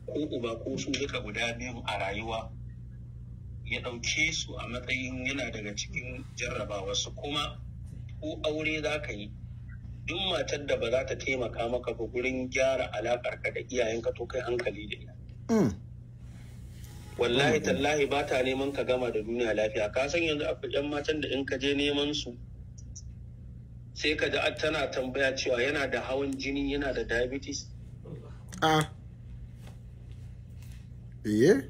ko uba ko su duka guda biyu a rayuwa ya ɗauke su a matsayin yana daga cikin jarrabawa su kuma ko aure za ka yi duk matar da ba za ta taimaka maka ba gurin gyara alaƙar ka da iyayenka to kai hankali da ita. Mm. wallahi tallahi ba ta neman ka gama da duniya lafiya ka san yanzu akwai yan matan da in ka je neman su sai ka ji tana tambaya cewa yana da hawan jini yana da diabetes a iye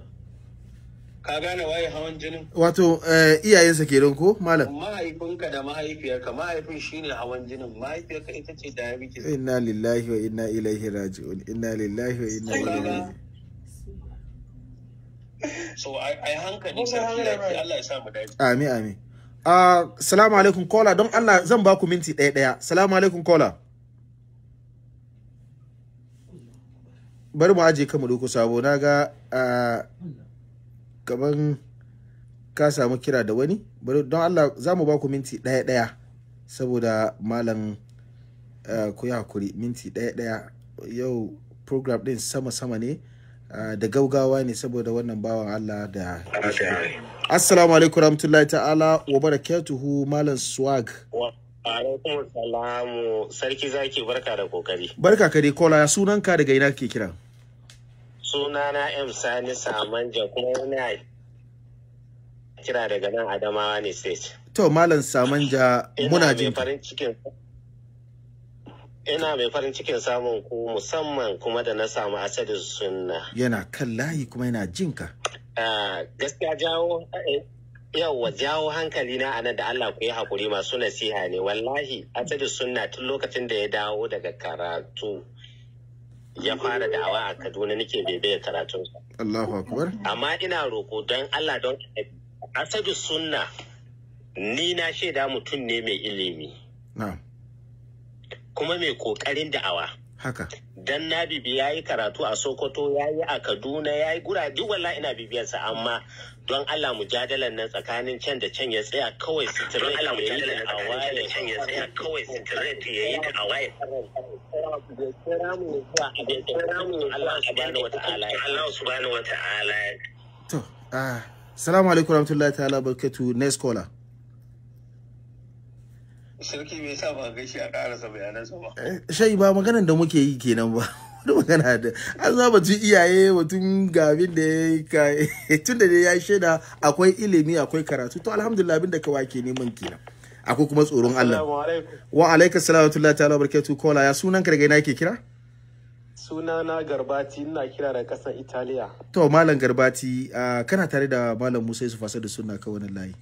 ka gane waye hawan jinin wato eh, iyayensa don ko malam mahaifinka da mahaifiyarka mahaifin shine hawan jinin mahaifiyarka ita ce diabetes inna lillahi wa inna ilaihi raji'un inna lillahi wa inna ilaihi so ai hankali sarki lafiya Allah ya sa mu dace amin amin ah salamu alaikum kola don Allah zan ba ku minti ɗaya ɗaya. Salamu alaikum kola. Bari mu aje kama doko sabo na ga uh, kaman ka samu kira da wani. Bari don Allah za mu ba ku minti ɗaya ɗaya saboda malam ah, ku yi hakuri minti ɗaya ɗaya yau program ɗin sama-sama ne Ah, da gaugawa ne saboda wannan bawan Allah da Assalamu alaikum rahmatullahi ta'ala wa barakatuhu Malam Swag. Alaikum salamu sarki zaki barka da kokari. Barka ka dai kola sunanka daga ina ke kira? Sunana M Sani Samanja kuma yana kira daga nan Adamawa ne state. To Malam Samanja muna jin. Ina mai farin cikin ina mai farin cikin samun ku musamman kuma da na samu asali sunna yana kan layi kuma yana jinka ah, gaskiya jawo eh, yawwa jawo hankali na anan da Allah ku yi hakuri masu nasiha ne wallahi asali sunna tun lokacin da ya dawo daga karatu ya fara dawa a Kaduna nake bebe karatun Allahu akbar amma ina roko don Allah don asali sunna ni na shaida mutum ne mai ilimi na'am kuma mai kokarin da'awa haka dan na bibi ya yi karatu a sokoto ya yi a kaduna ya yi gura duk ina bibiyarsa amma don allah mujadalan nan tsakanin can da can ya tsaya kawai da allah jadalan nan tsakanin can da can ya tsaya kawai sitirin ya yi da awaye allah subhanahu wata'ala allah subhanahu wata'ala to ah salamu alaikum warahmatullahi ta'ala barkatu next caller sauki me yasa ba gaishe a karasa bayanansa ba eh, shai ba maganar da muke yi kenan ba <laughs> wani magana da an zaba batun iyaye mutum ga abin da ya kai eh, tun da ya shaida akwai ilimi akwai karatu to alhamdulillah abin da ka wake neman kenan akwai kuma tsoron Allah wa alaika salatu ta'ala barakatuh kola ya sunan karga ina ke kira sunana garbati ina kira da kasar italiya to malam garbati kana tare da malam musa yusuf da sunna kawai layi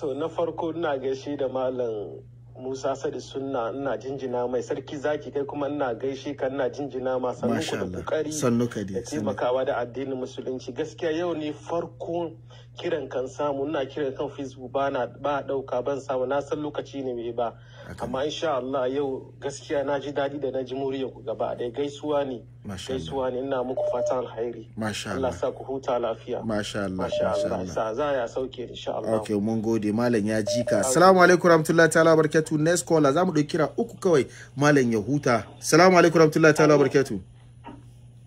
to na farko ina gaishe da malam Musa Sadi Sunna ina jinjina mai sarki zaki kai kuma ina gaishe ka ina jinjina ma sannu ku da kokari da taimakawa da addinin musulunci gaskiya yau ne farko kiran kan samu ina kiran kan Facebook ba na ba dauka ban samu na san lokaci ne mai ba amma insha Allah yau gaskiya na ji daɗi da na ji muryar ku gaba ɗaya gaisuwa ne gaisuwa ne ina muku fatan alheri Allah sa ku huta lafiya masha Allah masha Allah sa za ya sauke insha Allah okay mun gode malam ya ji ka assalamu alaikum warahmatullahi ta'ala barkatu next caller zamu ɗauki kira uku kawai malam ya huta assalamu alaikum warahmatullahi ta'ala barkatu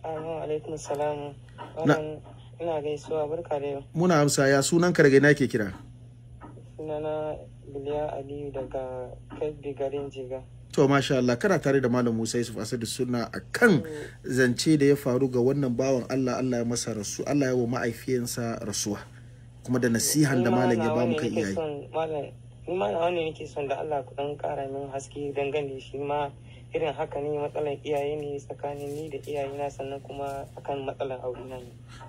alaikum salam ina gaisuwa barka da yau muna amsa ya sunan ka daga ina ke kira sunana Biliya Aliyu daga Jiga. To masha Allah kana tare da Malam Musa Yusuf Asadu suna a kan mm. zance da ya faru ga wannan bawan Allah Allah ya masa rasu Allah ya wa ma'aifiyansa rasuwa kuma da nasihan da malam ya bamu kan iyaye. Ni ma wani nake son da Allah ku dan kara min haske dangane shi ma irin haka ne matsalar iyaye ne tsakanin ni da iyaye na sannan kuma akan matsalar aure ne.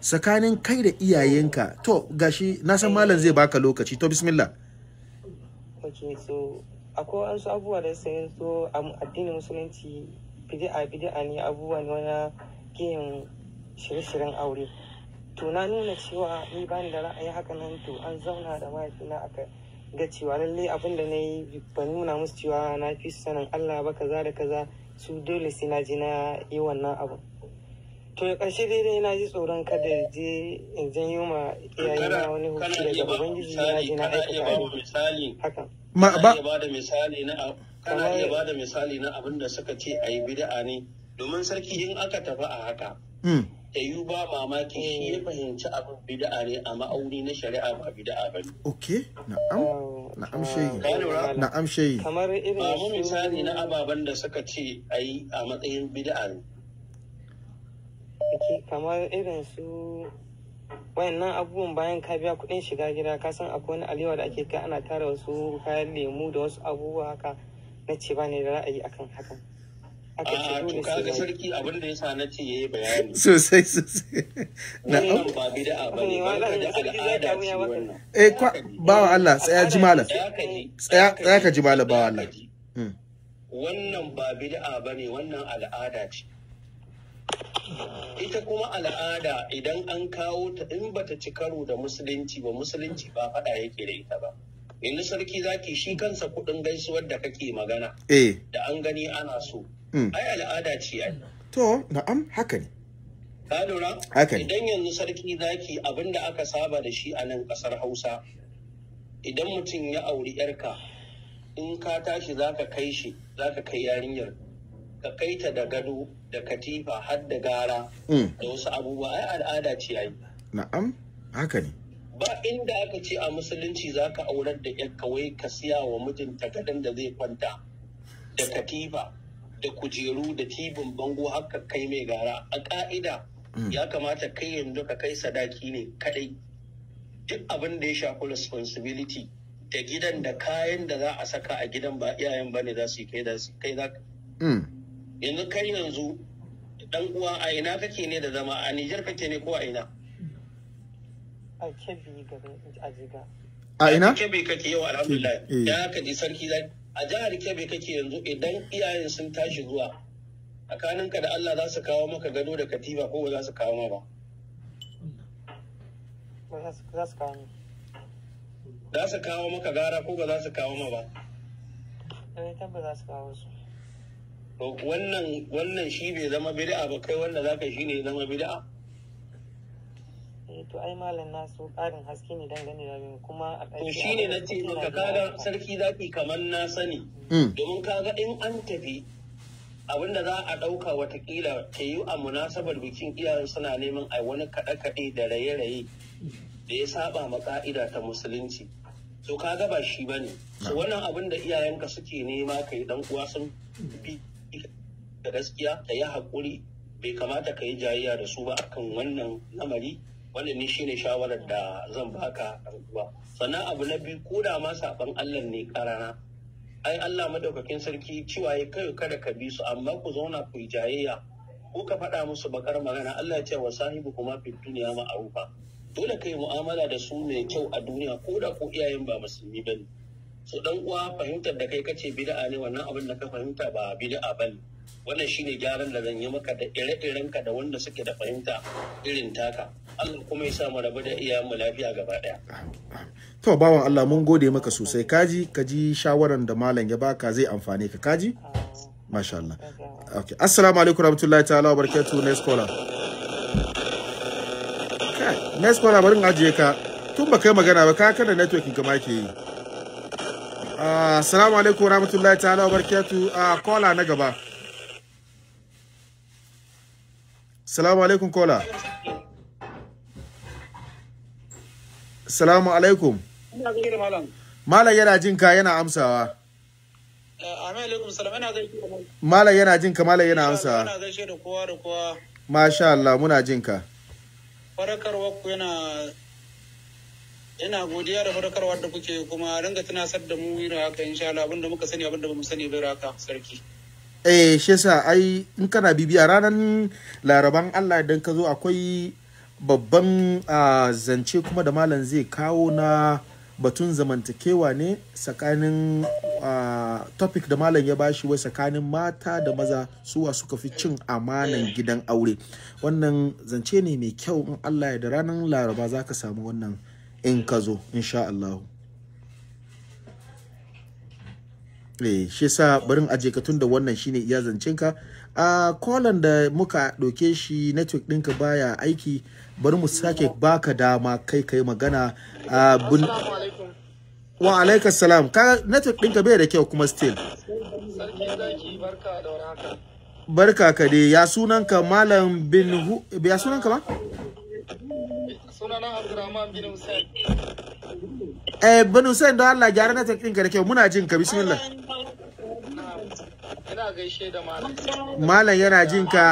Tsakanin kai da iyayenka to gashi na san eh. malam zai baka lokaci to bismillah. a so akwai wasu abubuwa da sai so a addinin musulunci bid'a bid'a ne abubuwa ne wani gehen shirye-shiryen aure to na nuna cewa ni ba da ra'ayi haka nan to an zauna da mahaifina aka ga cewa lallai abin da na yi ban nuna musu cewa na fi sanin Allah ba kaza da kaza su dole sai na ji na yi wannan abu to ya ƙarshe daidai na ji tsoron kada je in janyo ma iyayen wani hukunci daga ubangiji na je na aikata haka kana iya ba da misali na abin da suka ce a yi bid'a ne domin sarki in aka tafi a haka hmm. yayu ba mamaki shi ya fahimci abin bid'a ne a ma'auni na shari'a ba bid'a ba ne. ok na'am oh, na'am shehi na'am shehi kamar irin ba misali na ababen da suka ce a yi a matsayin bid'a ne kamar irin su wayannan abubuwan bayan ka biya kuɗin shiga gida ka san akwai wani alewa da ake kai ana tara wasu kayan lemu da wasu abubuwa haka na ce ba ne da ra'ayi akan hakan aka ce ah, dole sai ga sarki abin da yasa na ce yayi bayani sosai sosai na ba bid'a ba ne ba da al'ada ce wannan eh ba wa Allah tsaya ji malam tsaya tsaya ka ji malam ba wa Allah hmm. wannan ba bid'a ba ne wannan al'ada ce ita kuma al'ada idan an kawo ta in bata ci karo da musulunci ba musulunci ba faɗa yake da ita ba yanzu sarki zaki shi kansa kuɗin gaisuwar da kake magana eh. da an gani ana so hmm. ai al'ada ce ai to na'am haka ne ka lura idan yanzu sarki zaki da aka saba da shi a nan ƙasar Hausa idan mutum ya auri yarka in ka tashi zaka kai shi zaka kai yarinyar ka kai ta da gado da katifa har da gara mm. da wasu abubuwa ai al'ada ce ai na'am haka ne ba inda aka ce a musulunci za ka aurar da 'yar kawai ka siya wa mijinta gadon da zai kwanta da katifa da kujeru da tibin bango haka kai mai gara a ka'ida mm. ya kamata kai yanzu ka kai sadaki ne kadai duk abin da ya shafi responsibility da gidan da kayan da za a saka a gidan ba iyayen ba ne za su yi kai za mm. yanzu kai yanzu dan uwa a ina kake ne da zama a Niger kake ne ko a ina a ina? garin Ajiga a ina Kebbi kake yau alhamdulillah eh. ya ka ji sarki zai a jihar Kebbi kake yanzu idan iyayen sun tashi zuwa tsakaninka da Allah za su kawo maka gado da Katiba ko ba za su kawo ma ba za su kawo maka gara ko ba za su kawo ma ba? Eh, za su kawo su. wannan wannan shi bai zama bid'a ba kai wanda zaka shi ne zama bid'a eh, to ai malam nasu ƙarin haske ne dangane da kuma a to shine na ce maka kaga sarki zaki kamar na sani mm. domin kaga in an tafi abinda za a ɗauka watakila ta yi a munasabar bikin iyayen suna neman a wani kaɗe-kaɗe da raye-raye da ya saba ma ka'ida ta musulunci so kaga ba shi ne. so wannan abin da iyayenka suke nema ka yi dan uwa sun bi da gaskiya da yi haƙuri bai kamata ka yi jayayya da su ba akan wannan lamari wannan ne shine shawarar da zan baka ba sannan abu na biyu ko da ma saban Allah ne karana ai Allah madaukakin sarki cewa ya kai kada ka bi su amma ku zauna ku yi jayayya ko ka faɗa musu bakar magana Allah ya ce wa sahibu kuma fi duniya ma'arufa dole ka mu'amala da su mai kyau a duniya ko da ko iyayen ba musulmi bane so dan uwa fahimtar da kai kace bid'a ne wannan abin da ka fahimta ba bid'a bane wannan shine gyaran da zan yi maka da ire-iren ka da wanda suke da fahimta irin taka Allah kuma ya sa mu rabu da iyayenmu lafiya gaba daya to bawan Allah mun gode maka sosai kaji kaji shawaran da malam ya baka zai amfane ka kaji masha Allah okay assalamu alaikum warahmatullahi ta'ala wabarakatuh next caller kai next caller bari in ajiye ka tun ba kai magana ba ka kada networking ka ma ke yi Ah, assalamu alaikum rahmatullahi ta'ala wabarakatuh a ah, kola na gaba assalamu alaikum kola assalamu alaikum malam yana jin ka yana amsawa eh, malam yana jin ka malam yana amsawa masha Allah muna jin ka farakarwa yana ina godiya da fadakarwar da kuke kuma ringa tunasar da mu irin haka insha Allah abinda muka sani abinda bamu sani bai haka sarki eh shi yasa ai in kana bibiya ranar laraban Allah idan ka zo akwai babban zance kuma da malam zai kawo na batun zamantakewa ne tsakanin topic da malam ya bashi wai tsakanin mata da maza suwa suka fi cin amanan gidan aure wannan zance ne mai kyau in Allah ya da ranar laraba za ka samu wannan in ka zo insha Allah eh shi sa barin aje ka tun da wannan shine iya zancin ka a kolan da muka doke shi network ɗinka baya aiki bari mu sake baka dama kai kai magana a bun wa alaika salam ka network ɗinka bai da kyau kuma still barka ka dai ya ka malam bin hu ya ka ma sunana Abdurrahman bin Hussein eh bin Hussein don Allah gyara na tankin ka da kyau muna jin ka bismillah ah, ina gaishe da malam malam yana jin ka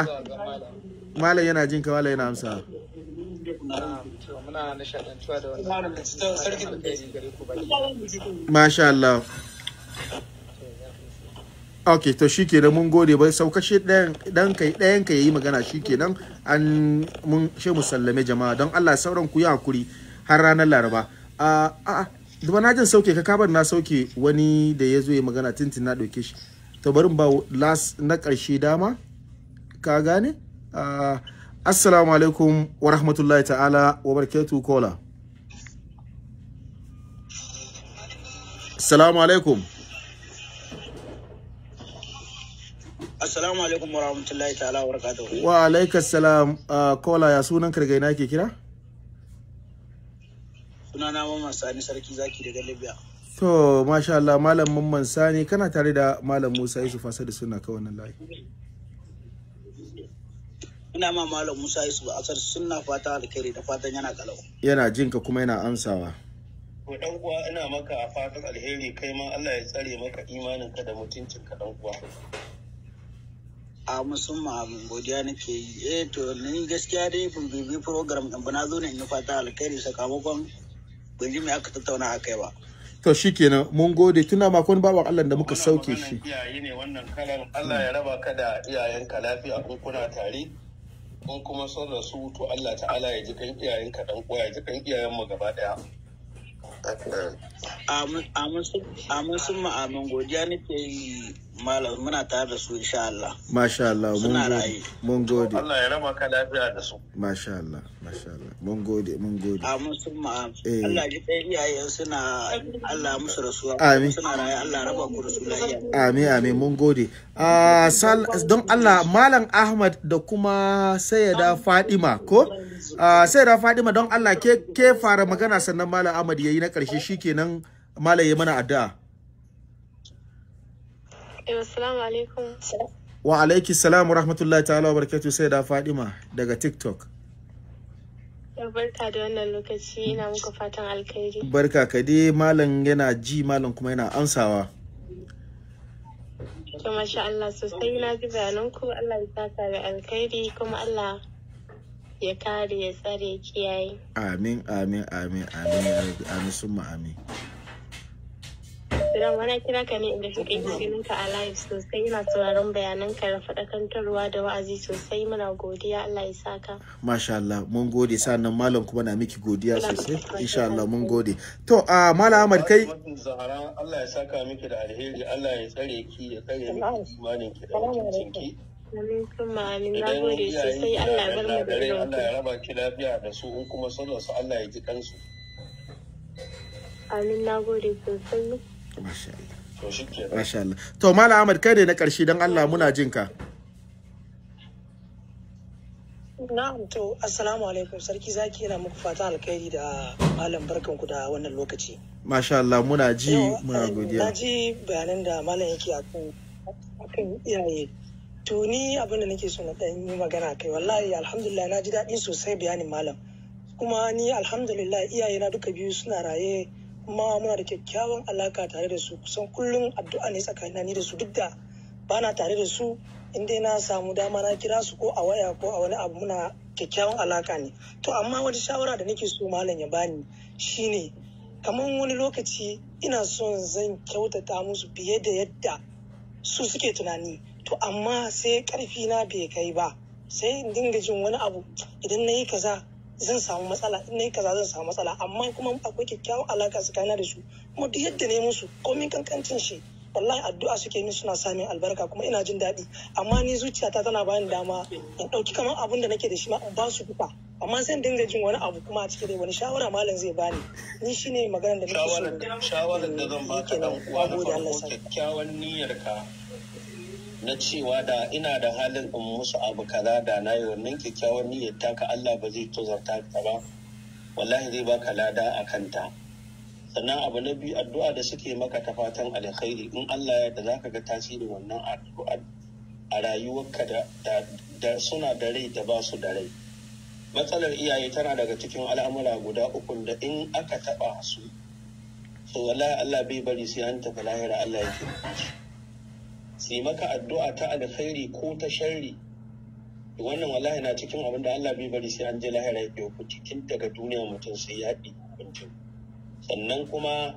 malam yana jin ka malam yana amsa ah, muna nishadantuwa da wannan masha Allah ok to shi kenan mun gode bai saukashe ɗayan kai ɗayan ka yayi magana shi kenan an mun she mu sallame jama'a don Allah sauran ku yi hakuri har ranar Laraba a a duba na jin sauke ka kabar na sauke wani da ya zo ya magana tintin na ɗauke shi to bari ba las na ƙarshe dama ka gane assalamu alaikum wa rahmatullahi ta'ala wa barakatuh kola assalamu alaikum Assalamu alaikum wa rahmatullahi ta'ala wa barakatuhu. Wa alaikas salam kola uh, ya sunan kargai na ke kira? Sunana Mamman Sani Sarki Zaki daga Libya. To, masha Allah, Malam Mamman Sani, kana tare da Malam Musa Yusuf da suna kawai nan layi. ina ma malam musa yusuf asar suna fata alkhairi da fatan yana kalawa. yana jinka kuma yana amsawa to dan uwa ina maka fatan alheri kai ma Allah ya tsare maka imanin ka da mutuncin ka uwa a musamman abin godiya nake yi eh to ni gaskiya dai ban bibi program din ba na zo ne in fata alkhairi sakamakon ban ji me aka tattauna a kai ba to shikenan mun gode tuna makon bawan Allah da muka sauke shi iyaye ne wannan kalan Allah ya raba ka da iyayenka lafiya kun kuna tare kun kuma son rasu to Allah ta'ala ya ji kan iyayenka dan koya ya ji kan iyayen mu gaba daya musamman a mun godiya nake yi malam muna tare da su insha Allah masha Allah mun gode Allah ya raba ka lafiya da su masha Allah masha Allah mun gode mun gode amin sun ma eh. Allah ji kai iyaye suna Allah musu rasuwa amin suna raye Allah raba ku su lafiya amin amin mun gode ah don Allah malam Ahmad da kuma Sayyida Fadima ko ah, Sayyida Fadima don Allah ke ke fara magana sannan malam Ahmad yayi na karshe shikenan malam ya mana addu'a Eh, wa alaiki salam wa rahmatullahi ta'ala wa barakatu sai da Fadima daga TikTok. Eh, barka da wannan lokaci ina muku fatan alkhairi. Barka ka dai malam yana ji malam kuma yana amsawa. To masha Allah sosai na ji bayananku Allah ya saka da alkhairi kuma Allah ya kare ya tsare kiyaye. Amin amin amin amin amin summa amin. Salam wani kira ka ne inda kake jinin ka a live sosai ina sauraron bayanan ka da faɗakantarwa da wa'azi sosai muna godiya Allah ya ka. Masha Allah mun gode sannan malam kuma na miki godiya sosai insha Allah mun gode. To a malam Ahmad kai Zahara Allah ya saka miki da alheri Allah ya tsare ki ya tsare miki imanin ki da mutuncin ki. Amin kuma amin na gode sosai Allah ya bar mu da Allah ya raba ki lafiya da su in kuma sallar su Allah ya ji kansu. Amin na gode sosai. Masha Allah. To Malam Ahmad kai ne na ƙarshe don Allah muna jin ka. Na'am to assalamu alaikum sarki zaki yana muku fata alkhairi da malam barkanku da wannan lokaci. Masha Allah muna ji muna eh, godiya. Na ji bayanan da malam yake akan akan iyaye. To ni abin da nake so na dan yi magana kai wallahi alhamdulillah na ji daɗi sosai bayanin malam. Kuma ni alhamdulillah iyaye na duka biyu suna raye kuma muna da kyakkyawan alaka tare da su kusan kullum addu'a ne tsakanina ni da su duk da bana tare da su inda na samu dama na kira su ko a waya ko a wani abu muna kyakkyawan alaka ne to amma wani shawara da nake so malam ya bani shine kamar wani lokaci ina son zan kyautata musu fiye da yadda su suke tunani to amma sai karfi na bai kai ba sai in dinga jin wani abu idan na yi kaza zan samu matsala in yi kaza zan samu matsala amma kuma akwai kyakkyawan alaka tsakanin da su kuma duk yadda ne musu komin kankancin shi wallahi addu'a suke min suna samun albarka kuma ina jin daɗi amma ni zuciyata tana bani dama in ɗauki kamar abun da nake da shi ma in ba su kuka amma sai dinga jin wani abu kuma a cikin da wani shawara malam zai bani ni shine maganar da nake so shawarar da zan baka dan uwa na farko kyakkyawan niyyarka na cewa da ina da halin in musu abu kaza da na yi wannan kyakkyawan niyyar taka Allah ba zai tozarta ka ba wallahi zai baka lada a kanta sannan abu na biyu addu'a da suke maka ta fatan alkhairi in Allah ya da zaka ga tasiri wannan addu'a a rayuwarka da suna da rai da ba su da rai matsalar iyaye tana daga cikin al'amura guda uku da in aka taba su to wallahi Allah bai bari sai an tafi lahira Allah ya kiyaye su maka addu'a ta alkhairi ko ta sharri wannan wallahi na cikin abin da Allah bai bari sai an je lahira ya biyo ku cikin daga duniya mutum sai ya haɗi mutum sannan kuma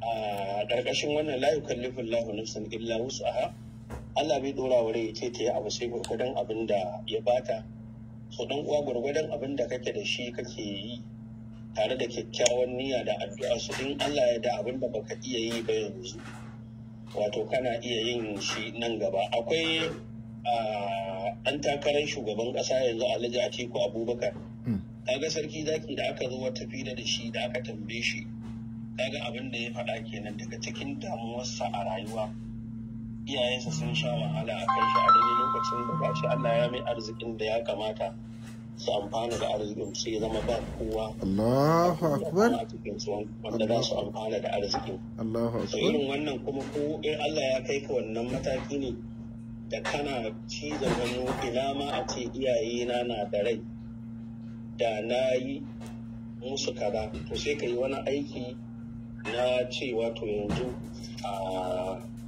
a ƙarƙashin wannan la yukallifu Allahu nafsan illa wus'aha Allah bai dora wa rai ce ta yi abu sai gwargwadon abin da ya bata so dan uwa gwargwadon abin da kake da shi kake yi tare da kyakkyawan niyya da addu'a su in Allah ya da abin da baka iya yi ba yanzu wato kana iya yin shi nan gaba akwai an takarar shugaban ƙasa yanzu alhaji atiku abubakar hmm. kaga sarki zaki da aka zo wata fida da shi da aka tambaye shi kaga abin da ya faɗa kenan daga cikin damuwarsa a rayuwa iyayensa sun sha wahala a kan shi a lokacin da ba shi allah ya mai arzikin da ya kamata su amfana da arzikin sai zama ba kowa Allahu akbar wanda za su amfana da arzikin Allahu akbar irin wannan kuma ko in Allah ya kai ka wannan mataki ne da kana da wani ina ma a ce iyaye na na da rai da na yi musu kaza to sai ka yi wani aiki na cewa to yanzu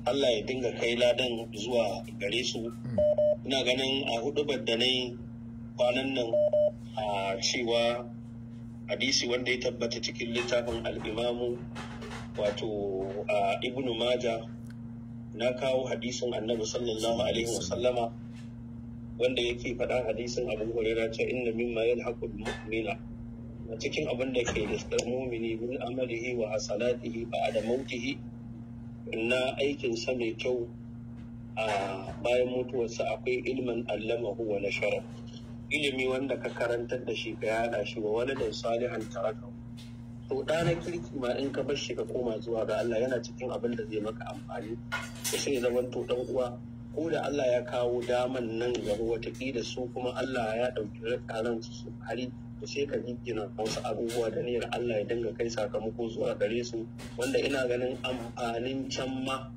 Allah ya dinga kai ladan zuwa gare su hmm. ina ganin a hudubar da na yi kwanan nan a cewa hadisi wanda ya tabbata cikin littafin al'imamu wato a ibnu maja na kawo hadisin annabi sallallahu alaihi wasallama wanda yake faɗa hadisin abu hurairah ce inna mimma yalhaqu bil mu'mina a cikin abin da ke riskar mumini min amalihi wa hasanatihi ba'da mautihi na aikin sa mai kyau a bayan mutuwarsa akwai allama huwa na sharaf? ilimi wanda ka karantar da shi ka yada shi wa wani da salihan taraka to da na kirki ma in ka bar shi ka koma zuwa ga Allah yana cikin abin da zai maka amfani da shi zaman to dan uwa ko da Allah ya kawo daman nan gaba watakila su kuma Allah ya ɗauki karan su su hari to sai ka gina wasu abubuwa da niyyar Allah ya dinga kai sakamako zuwa gare su wanda ina ganin amfanin can ma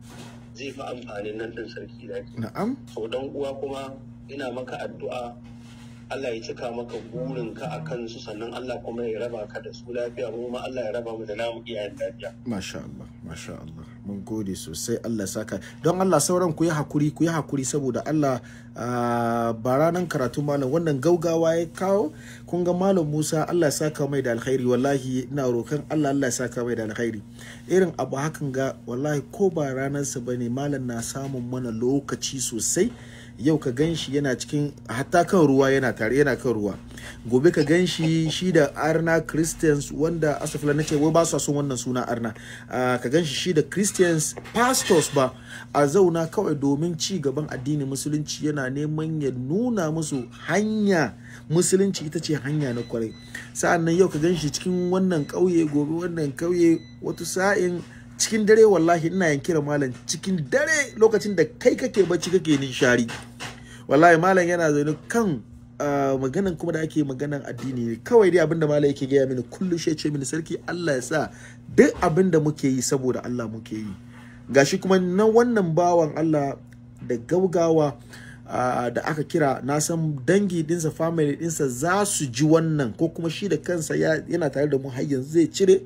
zai fi amfanin nan din sarki da na'am so dan uwa kuma ina maka addu'a Allah ya cika maka burin ka a kansu sannan Allah kuma ya raba ka da su lafiya kuma Allah ya raba mu da namu iyayen lafiya. Masha Allah, masha Allah. Mun gode sosai Allah saka. Don Allah sauran ku yi hakuri, ku yi hakuri saboda Allah ah, ba ranar karatu malam wannan gaugawa ya kawo kun ga malam Musa Allah ya saka mai da alkhairi wallahi ina rokan Allah Allah ya saka mai da alkhairi. Irin abu hakan ga wallahi ko ba ranar sa bane malam na samun mana lokaci sosai. yau ka gan shi yana cikin hatta kan ruwa yana tare yana kan ruwa gobe ka gan shi shi da arna christians wanda asafila na ce wai ba su son wannan suna arna ah, ka gan shi shi da christians pastors ba a zauna kawai domin ci gaban addinin musulunci yana neman ya nuna musu hanya musulunci ita ce hanya na kwarai sa'an nan yau ka gan shi cikin wannan kauye gobe wannan ƙauye wata sa'in cikin dare wallahi ina yin kira malam cikin dare lokacin da kai kake bacci kake nishari wallahi malam yana zaune kan ah, maganan kuma da ake maganan addini ne kawai dai abinda malam yake gaya mini kullum shi ce mini sarki Allah ya sa duk abinda muke yi saboda Allah muke yi gashi kuma na wannan bawan Allah da gaugawa ah, da aka kira na san dangi dinsa family dinsa za su ji wannan ko kuma shi da kansa yana tare da mu har yanzu zai cire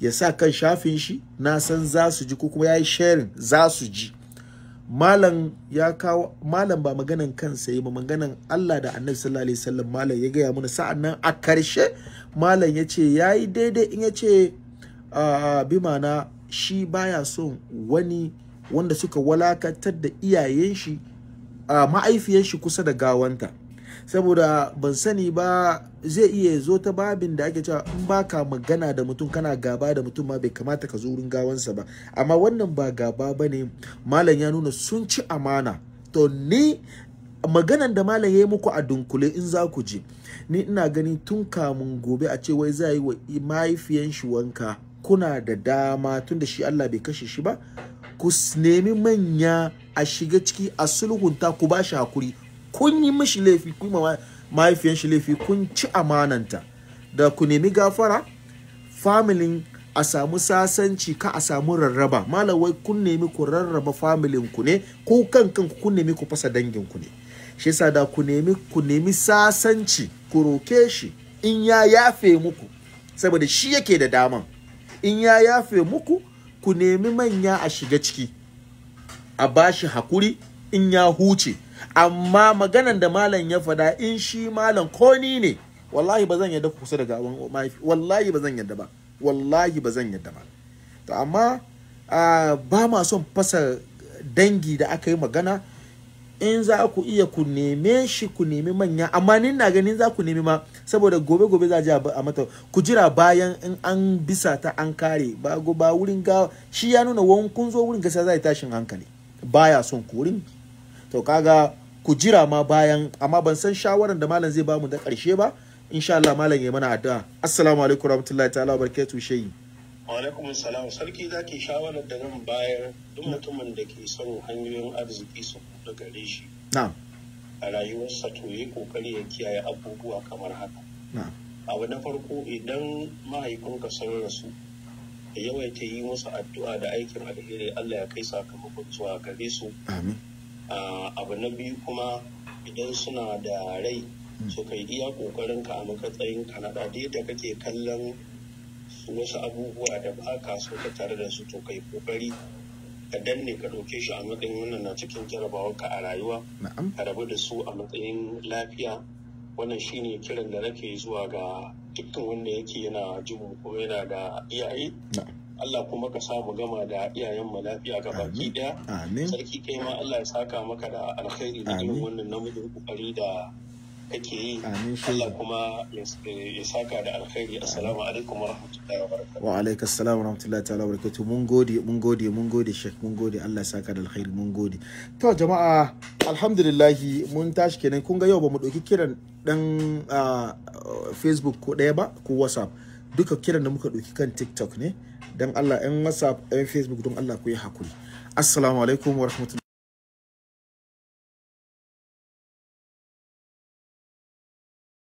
ya sa kan shafin shi na san za su ji ko kuma ya yi sharing za su ji malam ya kawo malam ba maganan kansa yi ba maganan Allah da annabi sallallahu alaihi wasallam malam ya gaya mana sa'an nan a karshe malam ya ce ya yi daidai in ya ce bi mana shi baya son wani wanda suka walakantar da iyayen shi ma'aifiyan shi kusa da gawanta saboda ban sani ba zai iya zo ta babin da ake cewa in baka magana da mutum kana gaba da mutum ma bai kamata ka zo wurin gawansa ba amma wannan ba gaba ba ne malam ya nuna sun ci amana to ni maganan da malam ya yi muku a dunkule in za ku je ni ina gani tun kamun gobe a ce wai za yi wa mahaifiyan shi wanka kuna da dama tun da shi Allah bai kashe shi ba ku nemi manya a shiga ciki a sulhunta ku ba shi hakuri kun yi mishi laifi kun ma mahaifiyan shi laifi kun ci amananta da ku nemi gafara familin a samu sasanci ka a samu rarraba malawai kun nemi ku rarraba familin ku ne ko kan kanku kun nemi ku fasa dangin ku ne shi yasa da ku nemi ku nemi sasanci ku roke shi in ya yafe muku saboda shi yake da daman in ya yafe muku ku nemi manya a shiga ciki a bashi hakuri in ya huce amma maganan da malam ya fada in shi malam ko ni ne wallahi ba zan yadda kusa da gawan mahaifi wallahi ba zan yadda ba wallahi ba zan yadda ba to amma ba ma son fasa dangi da aka yi magana in za ku iya ku neme shi ku nemi manya amma ni na ganin za ku nemi ma saboda gobe gobe za ji a mata ku jira bayan in an bisa ta an kare ba ba wurin ga shi ya nuna wani kun zo wurin gasa za tashin hankali baya son ku wurin to kaga ku jira ma bayan amma ban san shawaran da malam zai bamu da karshe ba insha Allah malam ya mana addu'a assalamu alaikum warahmatullahi ta'ala barakatu shehi wa alaikum assalam sarki zaki shawarar da nan bayar duk mutumin da ke son hanyoyin arziki su da gare shi na'am a rayuwarsa to yi kokari ya kiyaye abubuwa kamar haka na'am abu na farko idan mahaifinka sun rasu yawaita yi musu addu'a da aikin alheri Allah ya kai sakamakon zuwa gare su amin abu na biyu kuma idan suna da rai hmm. so kai iya kokarin ka a matsayin ka na ɗade da kake kallon wasu abubuwa da ba ka so ka tare da su to kai kokari ka danne ka ɗauke shi a matsayin wannan na cikin jarabawar ka a rayuwa ka rabu da su a matsayin lafiya wannan shine kiran da nake zuwa ga dukkan wanda yake yana jin ko yana da iyaye Allah kuma ka samu gama da iyayenmu lafiya ga baki daya sarki kai ma Allah ya saka maka da alkhairi da irin wannan namijin kokari da kake yi Allah kuma eh, ya saka da alkhairi assalamu alaikum warahmatullahi wabarakatuh wa alaikum assalam warahmatullahi ta'ala wabarakatuh mun gode mun gode mun gode shek mun gode Allah ya saka da alkhairi mun gode to jama'a alhamdulillah mun tashi kenan kun ga yau ba mu dauki kiran dan ah, Facebook ko daya ba ko WhatsApp duka kiran da muka dauki kan TikTok ne dan Allah yan WhatsApp yan Facebook don Allah ku yi hakuri assalamu alaikum wa rahmatullahi